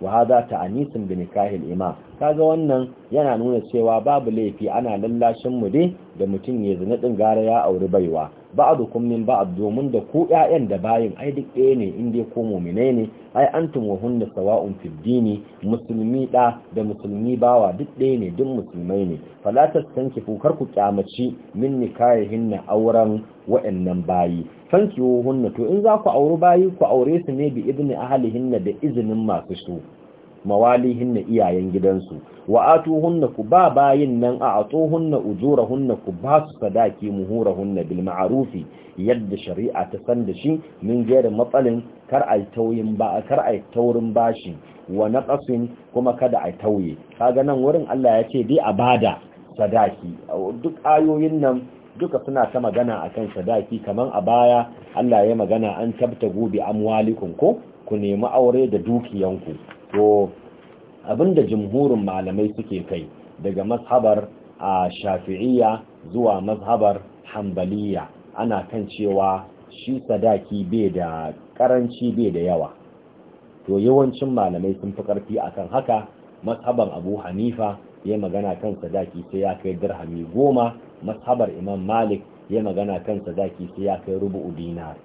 wa hada ta'anisun bi nikahil imam kaga wannan yana nuna cewa babu laifi ana lallashin mu dai da mutum ya zina din gara ya auri baiwa ba'dukum min ba'd domin da ku ƴaƴan da bayin ai duk ɗaya ne in dai ko mu'mine ne ai antum wa hunna sawa'un fid dini musulmi da da musulmi bawa duk ɗaya ne duk musulmai ne fala tastankifu kar ku kyamaci min nikahihinna auren wa'annan bayi fankiwo hunna to in za ku auri bayi ku aure su ne bi idni ahlihinna da izinin masu su mawalihinna iyayen gidansu wa atuhunna ku ba bayin nan a atuhunna ujurahunna ku ba su sadaki muhurahunna bil ma'rufi yadda shari'a ta san da shi min jerin matsalin kar a tauyin ba kar a taurin bashi wa naqasin kuma kada a tauye kaga nan wurin Allah ya ce dai a bada sadaki duk ayoyin nan duka suna ta magana akan sadaki kamar a baya Allah ya magana an tabta gobe amwalikum ko ku nemi aure da dukiyanku to abinda jumhurin malamai suke kai daga mazhabar a shafi'iyya zuwa mazhabar hambaliya ana kan cewa shi sadaki bai da karanci bai da yawa to yawancin malamai sun fi karfi akan haka mashaban abu hanifa ya magana kan sadaki sai ya kai dirhami goma mashabar imam malik ya magana kan sadaki sai ya kai rubu'u dinar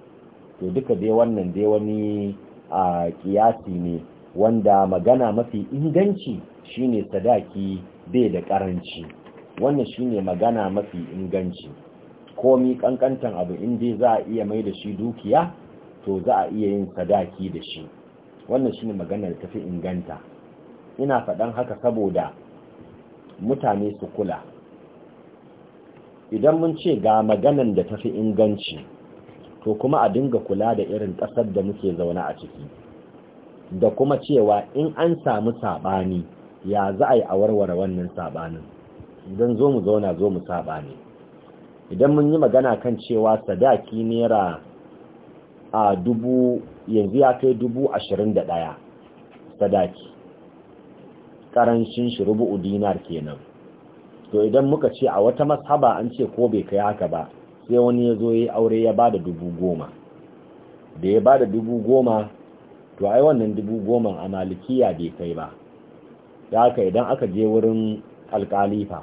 to duka dai wannan dai wani a kiyasi ne wanda magana mafi inganci shine sadaki bai da karanci wannan shine magana mafi inganci komi kankantan abu inda dai za a iya mai da shi dukiya to za a iya yin sadaki da shi wannan shine magana da tafi inganta ina faɗan haka saboda mutane su kula idan mun ce ga maganan da tafi inganci to kuma a dinga kula da irin ƙasar da muke zaune a ciki da kuma cewa in an samu saɓani ya za a yi a warware wannan saɓanin idan zo mu zauna zo mu saɓani idan mun yi magana kan cewa sadaki naira a dubu yanzu ya kai dubu ashirin da ɗaya sadaki ƙarancin shi udinar dinar kenan to idan muka ce a wata mashaba an ce ko bai kai haka ba sai wani ya zo ya aure ya ba da dubu goma da ya ba da dubu goma to ai wannan dubu goma a malikiya bai kai ba da haka idan aka je wurin alkalifa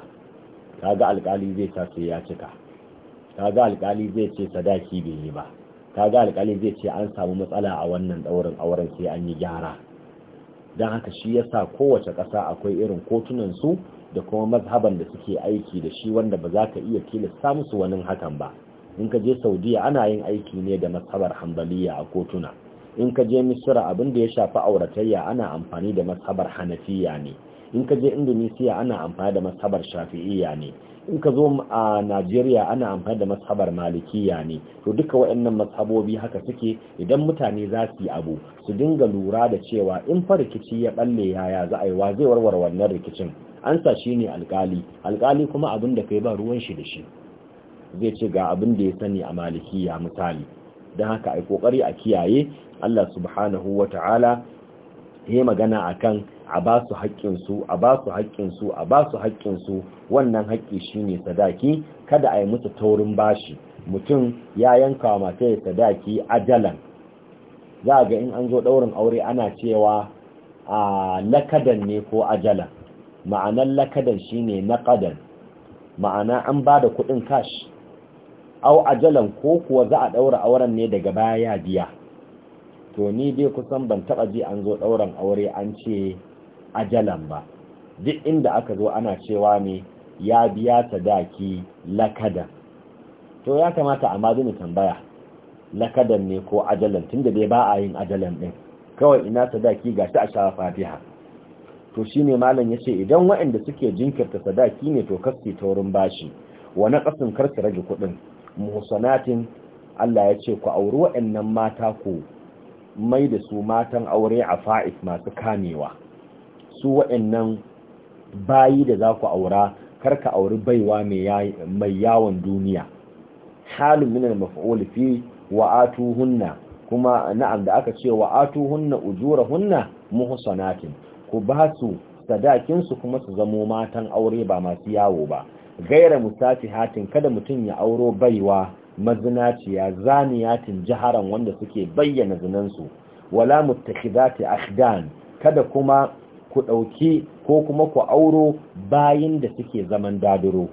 kaga alkali zai ta sai ya cika kaga alkali zai ce sadaki bai yi ba kaga alkali zai ce an samu matsala a wannan ɗaurin auren sai an yi gyara don haka shi ya sa kowace ƙasa akwai irin kotunan su da kuma mazhaban da suke aiki da shi wanda ba za ka iya tilasta musu wani hakan ba in ka je saudiya ana yin aiki ne da mazhabar hambaliya a kotuna in ka je misira abin da ya shafi auratayya ana amfani da mazhabar hanafiya ne in ka je Indonesia ana amfani da mashabar Shafi'iyya ne in ka zo a Najeriya ana amfani da mashabar Malikiya ne to duka waɗannan mashabobi haka suke idan mutane za su yi abu su dinga lura da cewa in fa rikici ya balle yaya za a yi wa zai warware wannan rikicin an sa shi ne alkali alkali kuma abin da kai ba ruwan shi da shi zai ce ga abin da ya sani a Malikiya misali don haka ai kokari a kiyaye Allah subhanahu wa ta'ala ya magana akan a ba su haƙƙinsu a ba su haƙƙinsu a ba su haƙƙinsu wannan haƙƙi shine sadaki kada a yi musu taurin bashi mutum ya yanka wa mata ya sadaki ajalan za a ga in an zo ɗaurin aure ana cewa a lakadan ne ko ajalan ma'anan lakadan shine naqadan ma'ana an ba da kuɗin kash au ajalan ko kuwa za a ɗaura auren ne daga baya ya biya to ni dai kusan ban taɓa ji an zo ɗauren aure an ce ajalan ba duk inda aka zo ana cewa ne ya biya sadaki lakada. to ya kamata a mazini tambaya lakadan ne ko ajalan tunda dai ba a yin ajalan din kawai ina sadaki gashi a shafa fatiha to shine malam yace idan waɗanda suke jinkirta sadaki ne to kaske ta wurin bashi wa naqasin kar su rage kuɗin muhsanatin Allah ya ce ku auri waɗannan mata ku mai da su matan aure a fa'is masu kamewa su waɗannan bayi da za ku aura kar ka auri baiwa mai yawon duniya halin minar mafa'ul fi wa hunna, kuma na'am da aka ce wa ujura hunna, muhsanatin ku ba su sadakin su kuma su zamo matan aure ba masu yawo ba gaira musati hatin kada mutum ya auro baiwa mazinaciya zaniyatin jiharan wanda suke bayyana zinansu wala muttakhidati akhdan kada kuma ku ɗauki ko kuma ku auro bayin da suke zaman daduro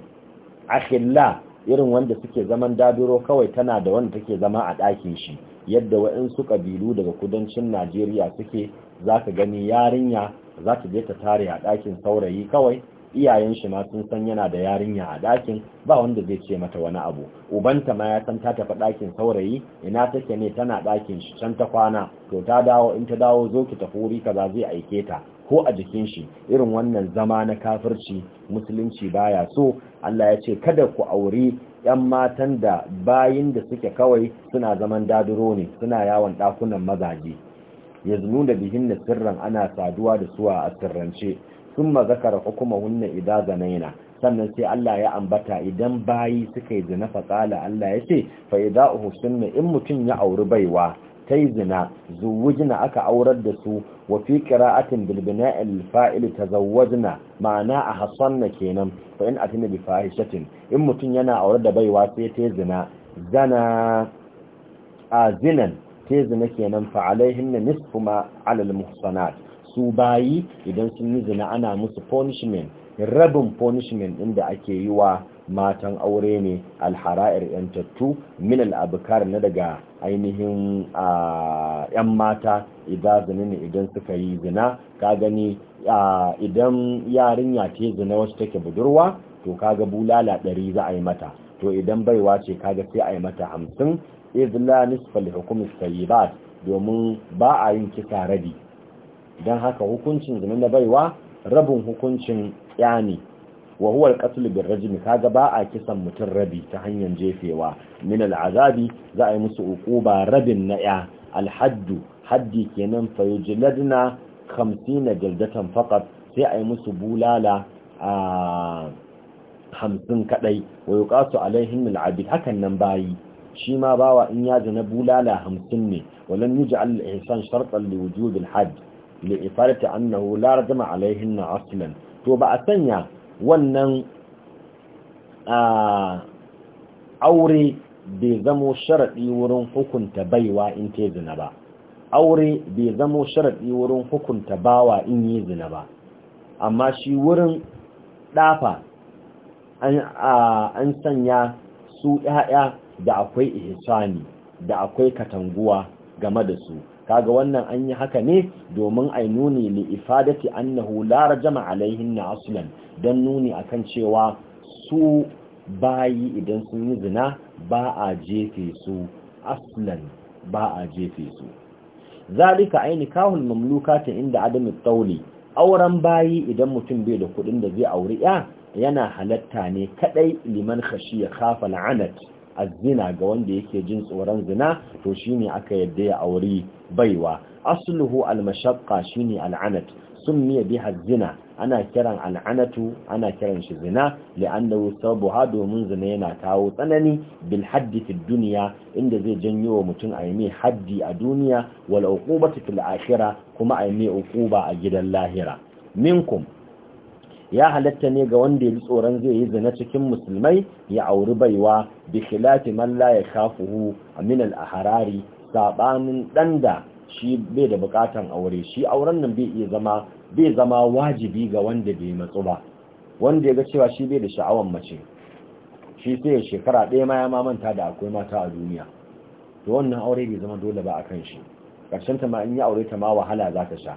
akhilla irin wanda suke zaman daduro kawai tana da wanda take zama a ɗakin shi yadda waɗansu ƙabilu daga kudancin najeriya suke za ka gani yarinya za ta je ta tare a ɗakin saurayi kawai iyayen shi ma sun san yana da yarinya a ɗakin ba wanda zai ce mata wani abu ubanta ma ya san ta tafi ɗakin saurayi ina take ne tana ɗakin shi can ta kwana to ta dawo in ta dawo zo ki tafi wuri kaza zai aike ta ko a jikin shi irin wannan zama na kafirci musulunci baya so Allah ya ce kada ku auri yan matan da bayin da suke kawai suna zaman daduro ne suna yawon dakunan mazaje zunu da bihin da sirran ana saduwa da suwa a sirrance sun zakara hunna ida zanaina sannan sai Allah ya ambata idan bayi suka yi zina faƙala Allah ya ce fa idza uhsinna in mutum ya auri baiwa tai zina zuwujina aka aurar da su wa fi qira'atin bil bina'il fa'il tazawwajna ma'ana a hasanna kenan fa in atina bi fahishatin in mutun yana aurar da baiwa sai tai zina zana a zinan tai zina kenan fa alaihinna nisfu ma 'ala al muhsanat su bayi idan sun yi zina ana musu punishment rabin punishment inda ake yi wa matan aure ne alhara'ir yantattu min al'abukar na daga ainihin yan mata idan zina ne idan suka yi zina ka gani idan yarinya ce zina wacce take budurwa to kaga bulala ɗari za a yi mata to idan baiwa ce kaga sai a yi mata hamsin izla nisfal hukumis ba domin ba a yin kisa rabi don haka hukuncin zina na baiwa rabin hukuncin ya ne. wa huwa bin qatl bil rajm kaga ba a kisan mutun rabi ta hanyar jefewa min al-azabi za a yi musu uquba rabin na ya al-haddu haddi kenan fayujladna 50 jaldatan faqat sai a yi musu bulala a hamsin kadai wa yuqasu alaihim al-abid hakan nan bayi shi ma bawa in ya na bulala hamsin ne walan yuj'al al-ihsan shartan li wujub al-hadd li ifadati annahu la rajma alaihin aslan to ba a sanya wannan aure bai zamo sharaɗi wurin hukunta baiwa in te zina ba aure bai zamo sharaɗi wurin hukunta bawa in yi zina ba amma shi wurin ɗafa an sanya su ‘ya'ya da akwai ihsani da akwai katanguwa game da su kaga wannan an yi haka ne domin ai nuni li ifadati annahu la rajama alaihin Asulan, don nuni akan cewa su bayi idan sun yi zina ba a jefe su Asulan ba a jefe su zalika ai nikahul mamlukata inda adamu tauli auren bayi idan mutum bai da kudin da zai aure? ya yana halatta ne kadai liman khashiya khafa la'anat azzina ga wanda yake jin tsoron zina to shine aka yadda ya auri baiwa asluhu almashaqqa shine al'anat summiya biha zina ana kiran al'anatu ana kiran shi zina li'annahu sababuha domin zina yana kawo tsanani bil haddi fi inda zai janyo wa mutum a mai haddi a duniya wal uqubati fil akhirah kuma a mai uquba a gidan lahira minkum ya halatta ne ga wanda ya ji tsoron zai yi zina cikin musulmai ya auri baiwa bi khilafi man la hu", min al aharari sabanin dan da shi bai da bukatan aure shi auren nan bai zama bai zama wajibi ga wanda bai matsu ba wanda ya ga cewa shi bai da sha'awan mace shi sai ya shekara ɗaya ma ya manta da akwai mata a duniya to wannan aure bai zama dole ba akan shi karshen ta ma in ya aure ta ma wahala za ta sha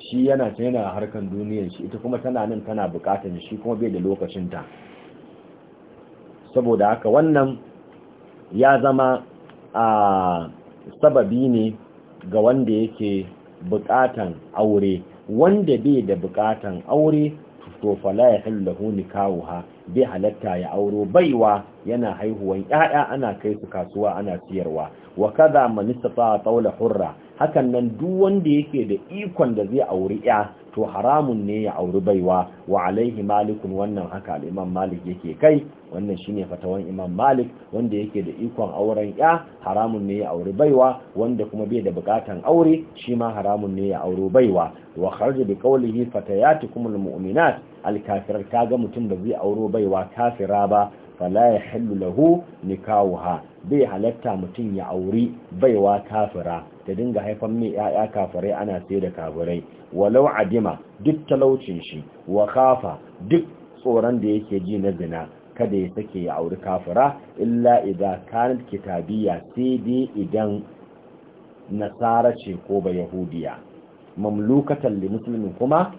shi yana ta yana harkan duniyar shi ita kuma tana nan tana bukatar shi kuma bai da lokacin ta. saboda haka wannan ya zama a sababi ne ga wanda yake bukatan aure wanda bai da bukatan aure to fala ya halahu nikahuha bai halatta ya auro baiwa yana haihuwan 'ya'ya, ana kai su kasuwa ana siyarwa wa kaza man istata tawla hurra hakan nan duk wanda yake da ikon da zai auri ya to haramun ne ya auri baiwa wa alaihi malikun wannan haka al'imam malik yake kai wannan shine fatawan imam malik wanda yake da ikon auren ya haramun ne ya auri baiwa wanda kuma bai da bukatan aure shi ma haramun ne ya auri baiwa wa kharja bi qawlihi fatayatukumul mu'minat al-kafirat kaga mutum da zai auro baiwa kafira ba fala ya hallu lahu nikahuha bai halatta mutum ya auri baiwa kafira ta dinga haifan mai ya'ya kafirai ana sai da kafirai walau adima duk talaucin shi wa kafa duk tsoron da yake ji na zina kada ya sake ya auri kafira illa idza kanat kitabiyya sai dai idan nasara ce ko ba yahudiya mamlukatan li muslimin kuma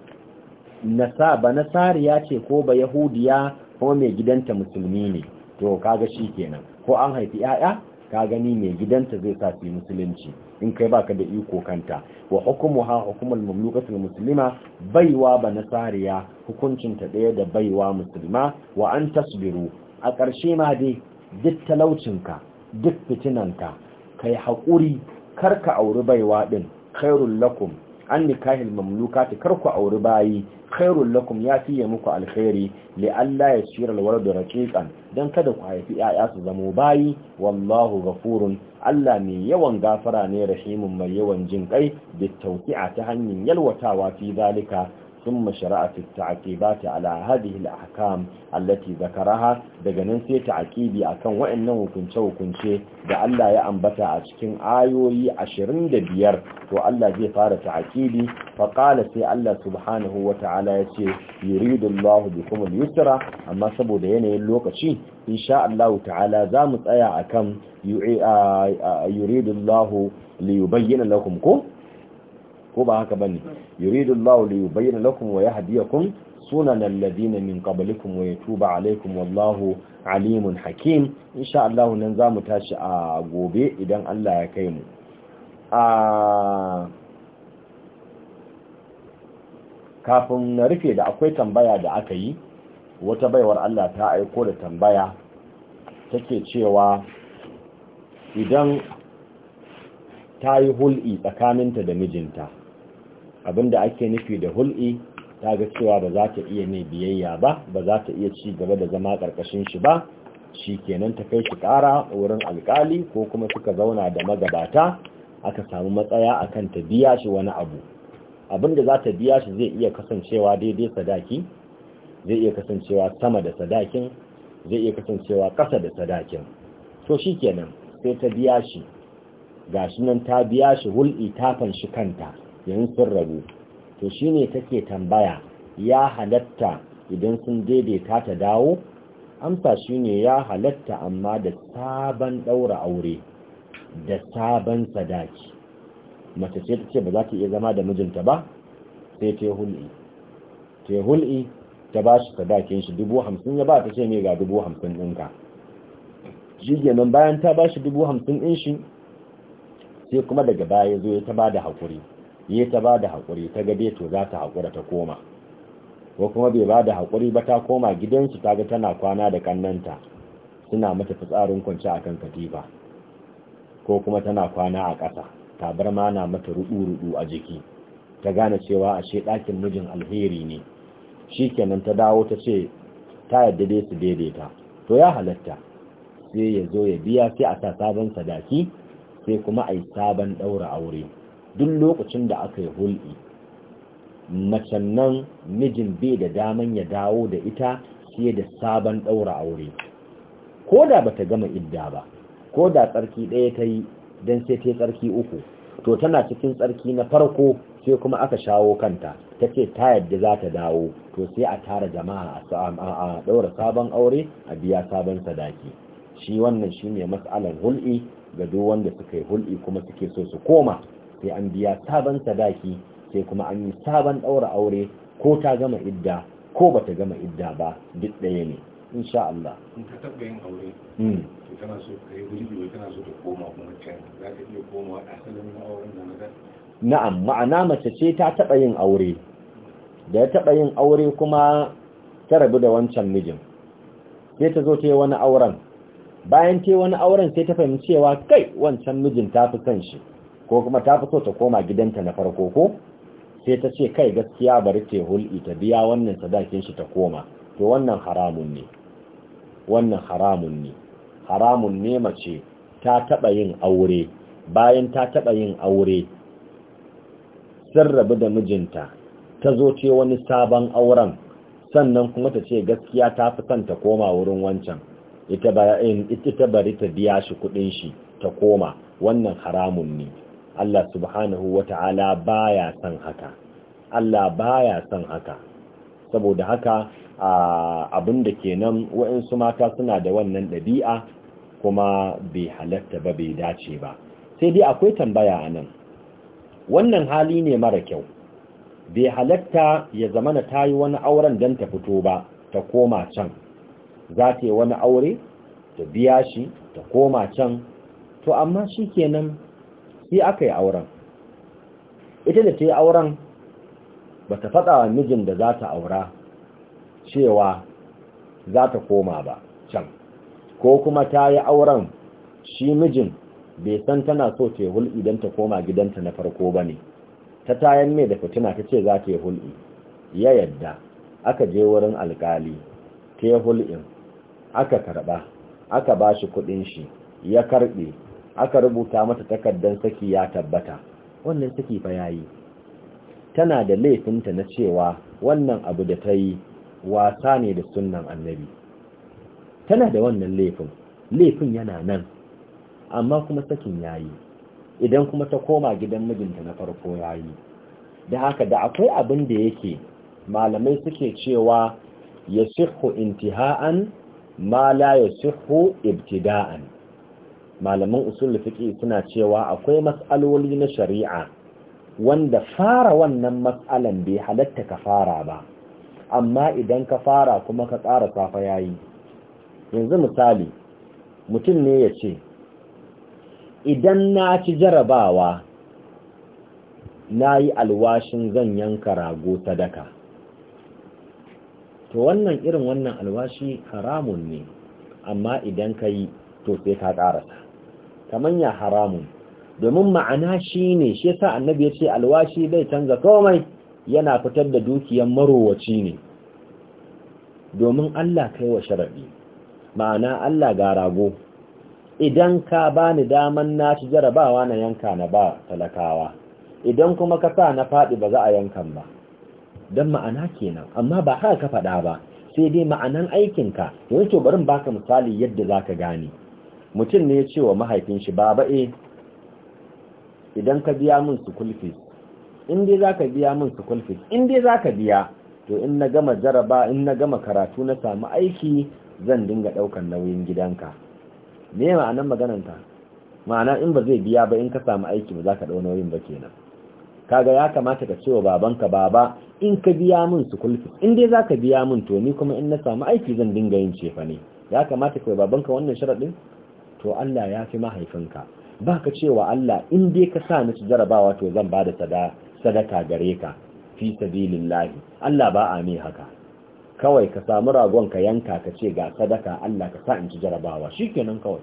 nasa ba nasariya ce ko ba yahudiya ko mai gidanta musulmi ne to kaga shikenan ko an haifi yaya ka gani mai gidanta zai sa fi musulunci in kai baka da iko kanta wa hukumuha hukumar mamlukatul muslima baiwa ba nasariya hukuncin ta daya da baiwa musulma wa an tasbiru a ƙarshe ma dai duk talaucinka duk fitinanka kai haƙuri karka auri baiwa ɗin, khairul lakum an nikahil mamlukati kar ku auri bayi khairul lakum ya fiye muku alkhairi li Allah ya shira alwaladu raqiqan dan kada ku haifi yaya su zamo bayi wallahu ghafurun Allah ne yawan gafara ne rahimun mai yawan jin kai bi tawqi'a ta hanyar yalwatawa fi zalika ثم شرعت التعقيبات على هذه الأحكام daga nan sai تعقيبي akan wa'annan hukunce hukunce da Allah ya ambata a cikin ayoyi ashirin da biyar, to Allah zai fara ta'kidi fa sai Allah subhanahu wa ta'ala yace yuridu Allah bikum al-yusra amma saboda yanayin lokaci insha Allah ta'ala mu tsaya akan yuridu Allah liyubayyana lakum ko ko ba haka bane yuridu Allah li yubayyana lakum wa yahdiyakum sunan alladhina min qablikum wa yatuba alaykum wallahu alimun hakim insha Allah nan zamu tashi a gobe idan Allah ya kai mu a kafin na rufe da akwai tambaya da aka yi wata baiwar Allah ta aiko da tambaya take cewa idan ta yi hul'i tsakaninta da mijinta Abin da ake nufi da hul'i ta ga cewa ba za ta iya ne biyayya ba ba za ta iya ci gaba da zama ƙarƙashin shi ba shi kenan ta kai shi ƙara wurin alkali ko kuma suka zauna da magabata aka samu matsaya akan ta biya shi wani abu abinda za ta biya shi zai iya kasancewa daidai sadaki zai iya kasancewa sama da sadakin zai iya kasancewa ƙasa da sadakin to shi kenan sai ta biya shi gashi nan ta biya shi hul'i ta fanshi kanta yanzu sun rabu to shine kake tambaya ya halatta idan sun daidaita ta dawo amsa shine ya halatta amma da sabon daura aure da sabon sadaki mace ce ta ce ba za ta iya zama da mijinta ba sai ta hul'i ta hul'i ta ba shi sadakin shi dubu hamsin ya ba ta ce ne ga dubu hamsin ɗinka shi bayan ta ba shi dubu hamsin ɗin shi sai kuma daga baya zo ya ta ba da haƙuri ya ta ba da haƙuri ta gade to za ta haƙura ta koma ko kuma bai ba da haƙuri ba ta koma gidansu ta ga tana kwana da kannanta suna mata fitsarin kwanci a kan katifa ko kuma tana kwana a ƙasa ta ma na mata ruɗu-ruɗu a jiki ta gane cewa ashe ɗakin mijin alheri ne shi kenan ta dawo ta ce ta yadda dai su daidaita to ya halatta sai ya zo ya biya sai a sa sabon sadaki sai kuma a yi sabon ɗaura aure duk lokacin da aka yi hulɗi macen nan mijin bai da daman ya dawo da ita sai da sabon ɗaura aure ko da ba ta gama idda ba ko da tsarki ɗaya ta yi don sai ta yi tsarki uku to tana cikin tsarki na farko sai kuma aka shawo kanta ta ce ta yadda za ta dawo to sai a tara jama'a a ɗaura sabon aure a biya sabon sadaki shi wannan shi ne matsalar hul'i ga duk wanda suka yi hulɗi kuma suke so su koma sai an biya sabon sadaki sai kuma an yi sabon ɗaura aure ko ta gama idda ko ba ta gama idda ba duk ɗaya ne insha Allah in ka taɓa yin aure hmm. so ka koma kuma can za ka iya komawa asalin auren da na na'am ma'ana mace ce ta taɓa yin aure da ya taɓa yin aure kuma ta rabu da wancan mijin sai ta zo ta yi wani auren bayan ta yi wani auren sai ta fahimci cewa kai wancan mijin ta fi kan shi ko kuma ta fi so ta koma gidanta na farko ko sai ta ce kai gaskiya bari ta yi hulɗi ta biya wannan sadakin shi ta koma to wannan haramun ne wannan haramun ne haramun ne mace ta taɓa yin aure bayan ta taɓa yin aure sun rabu da mijinta ta zo ce wani sabon auren sannan kuma ta ce gaskiya ta fi son ta koma wurin wancan ita bari ta biya shi kuɗin shi ta koma wannan haramun ne Allah subhanahu wata'ala baya son haka Allah baya son haka saboda haka abin da kenan wa'insu mata suna da wannan ɗabi'a kuma bai halatta ba bai dace ba sai dai akwai tambaya a nan wannan hali ne mara kyau bai halatta ya zamana ta yi wani auren don ta fito ba ta koma can za ta yi wani aure ta biya shi ta koma can to amma shi kenan shi aka yi auren ita da ta yi auren ba ta faɗa wa mijin da za ta aura cewa za ta koma ba can ko kuma ta yi auren shi mijin bai san tana so ta yi hulɗi don ta koma gidanta na farko ba ne ta tayan mai da fitina ta ce za ta yi hulɗi ya yadda aka je wurin alkali ta yi hulɗin aka karɓa aka ba shi kuɗin shi ya karɓe aka rubuta mata takardar saki ya tabbata wannan saki fa yayi tana da laifinta na cewa wannan abu da ta wasa ne da sunnan annabi tana da wannan laifin laifin yana nan amma kuma sakin yayi idan kuma ta koma gidan mijinta na farko yayi da haka da akwai abin da yake malamai suke cewa yasihhu intiha'an ma la yasihhu ibtida'an malaman usul fiqi suna cewa akwai mas'aloli na shari'a wanda fara wannan mas'alan bai halatta ka fara ba amma idan ka fara kuma ka ƙara safa yayi yanzu misali mutum ne ya ce idan na ci jarabawa na yi alwashin zan yanka rago sadaka to wannan irin wannan alwashi haramun ne amma idan ka yi to sai ka ƙarasa kaman ya haramun domin ma'ana shi ne shi yasa annabi ya ce alwashi bai canza komai yana fitar da dukiyan marowaci ne domin Allah kai wa sharaɗi ma'ana Allah ga rago idan ka bani daman na ci jarabawa na yanka na ba talakawa idan kuma ka sa na faɗi ba za a yankan ba don ma'ana kenan amma ba haka ka faɗa ba sai dai ma'anan aikinka yanzu to bari baka misali yadda za ka gane mutum ne ya ce wa mahaifin shi baba ba’e eh, idan ka biya min su kulfi, in dai ka biya min su kulfi, in dai ka biya to in na gama jaraba in na gama karatu na samu aiki zan dinga daukan nauyin gidanka me ma'anar magananta ma'ana in ba zai biya ba in ka samu aiki ba za ka dau nauyin ba kenan kaga ya kamata ka cewa babanka baba in ka biya min su kulfi, in dai ka biya min to ni kuma in na samu aiki zan dinga yin cefa ne ya kamata ka yi babanka wannan sharaɗin to Allah ya fi mahaifinka ba ka cewa Allah in dai ka sa ni jarabawa to zan ba da sadaka gare ka fi sabilillahi Allah ba a mai haka kawai ka samu ragon ka yanka ka ce ga sadaka Allah ka sa in ci jarabawa shikenan kawai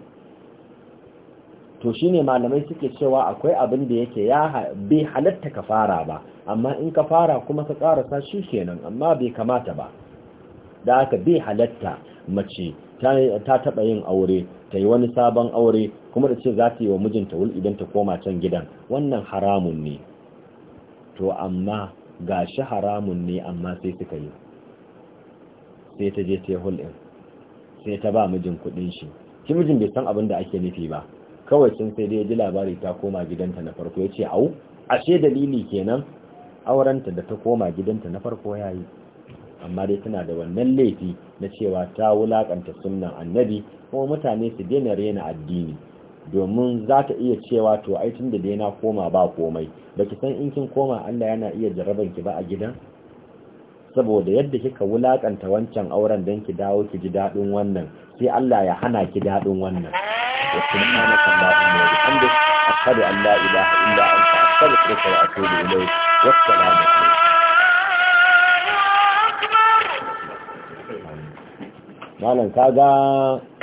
to shine malamai suke cewa akwai abin da yake ya bai halatta ka fara ba amma in ka fara kuma ka karasa kenan amma bai kamata ba da aka bai halatta mace ta taɓa yin aure ta yi wani sabon aure kuma da ce za ta yi wa mijinta wul idan ta koma can gidan wannan haramun ne to amma ga shi haramun ne amma sai suka yi sai ta je ta hul ɗin sai ta ba mijin kuɗin shi shi mijin bai san abin da ake nufi ba kawai sun sai dai ji labari ta koma gidanta na farko ya ce au ashe dalili kenan aurenta da ta koma gidanta na farko ya yi amma dai tana da wannan laifi na cewa ta wulakanta sunnan annabi kuma mutane su daina rena addini domin za ta iya cewa to ai tun da dai na koma ba komai Ba ki san in kin koma Allah yana iya jarraban ki ba a gidan saboda yadda kika wulakanta wancan auren dan ki dawo ki ji dadin wannan sai Allah ya hana ki dadin wannan wa subhanaka allahumma wa bihamdika ashhadu an la ilaha illa anta astaghfiruka wa atubu ilayk wassalamu alaikum malam ga.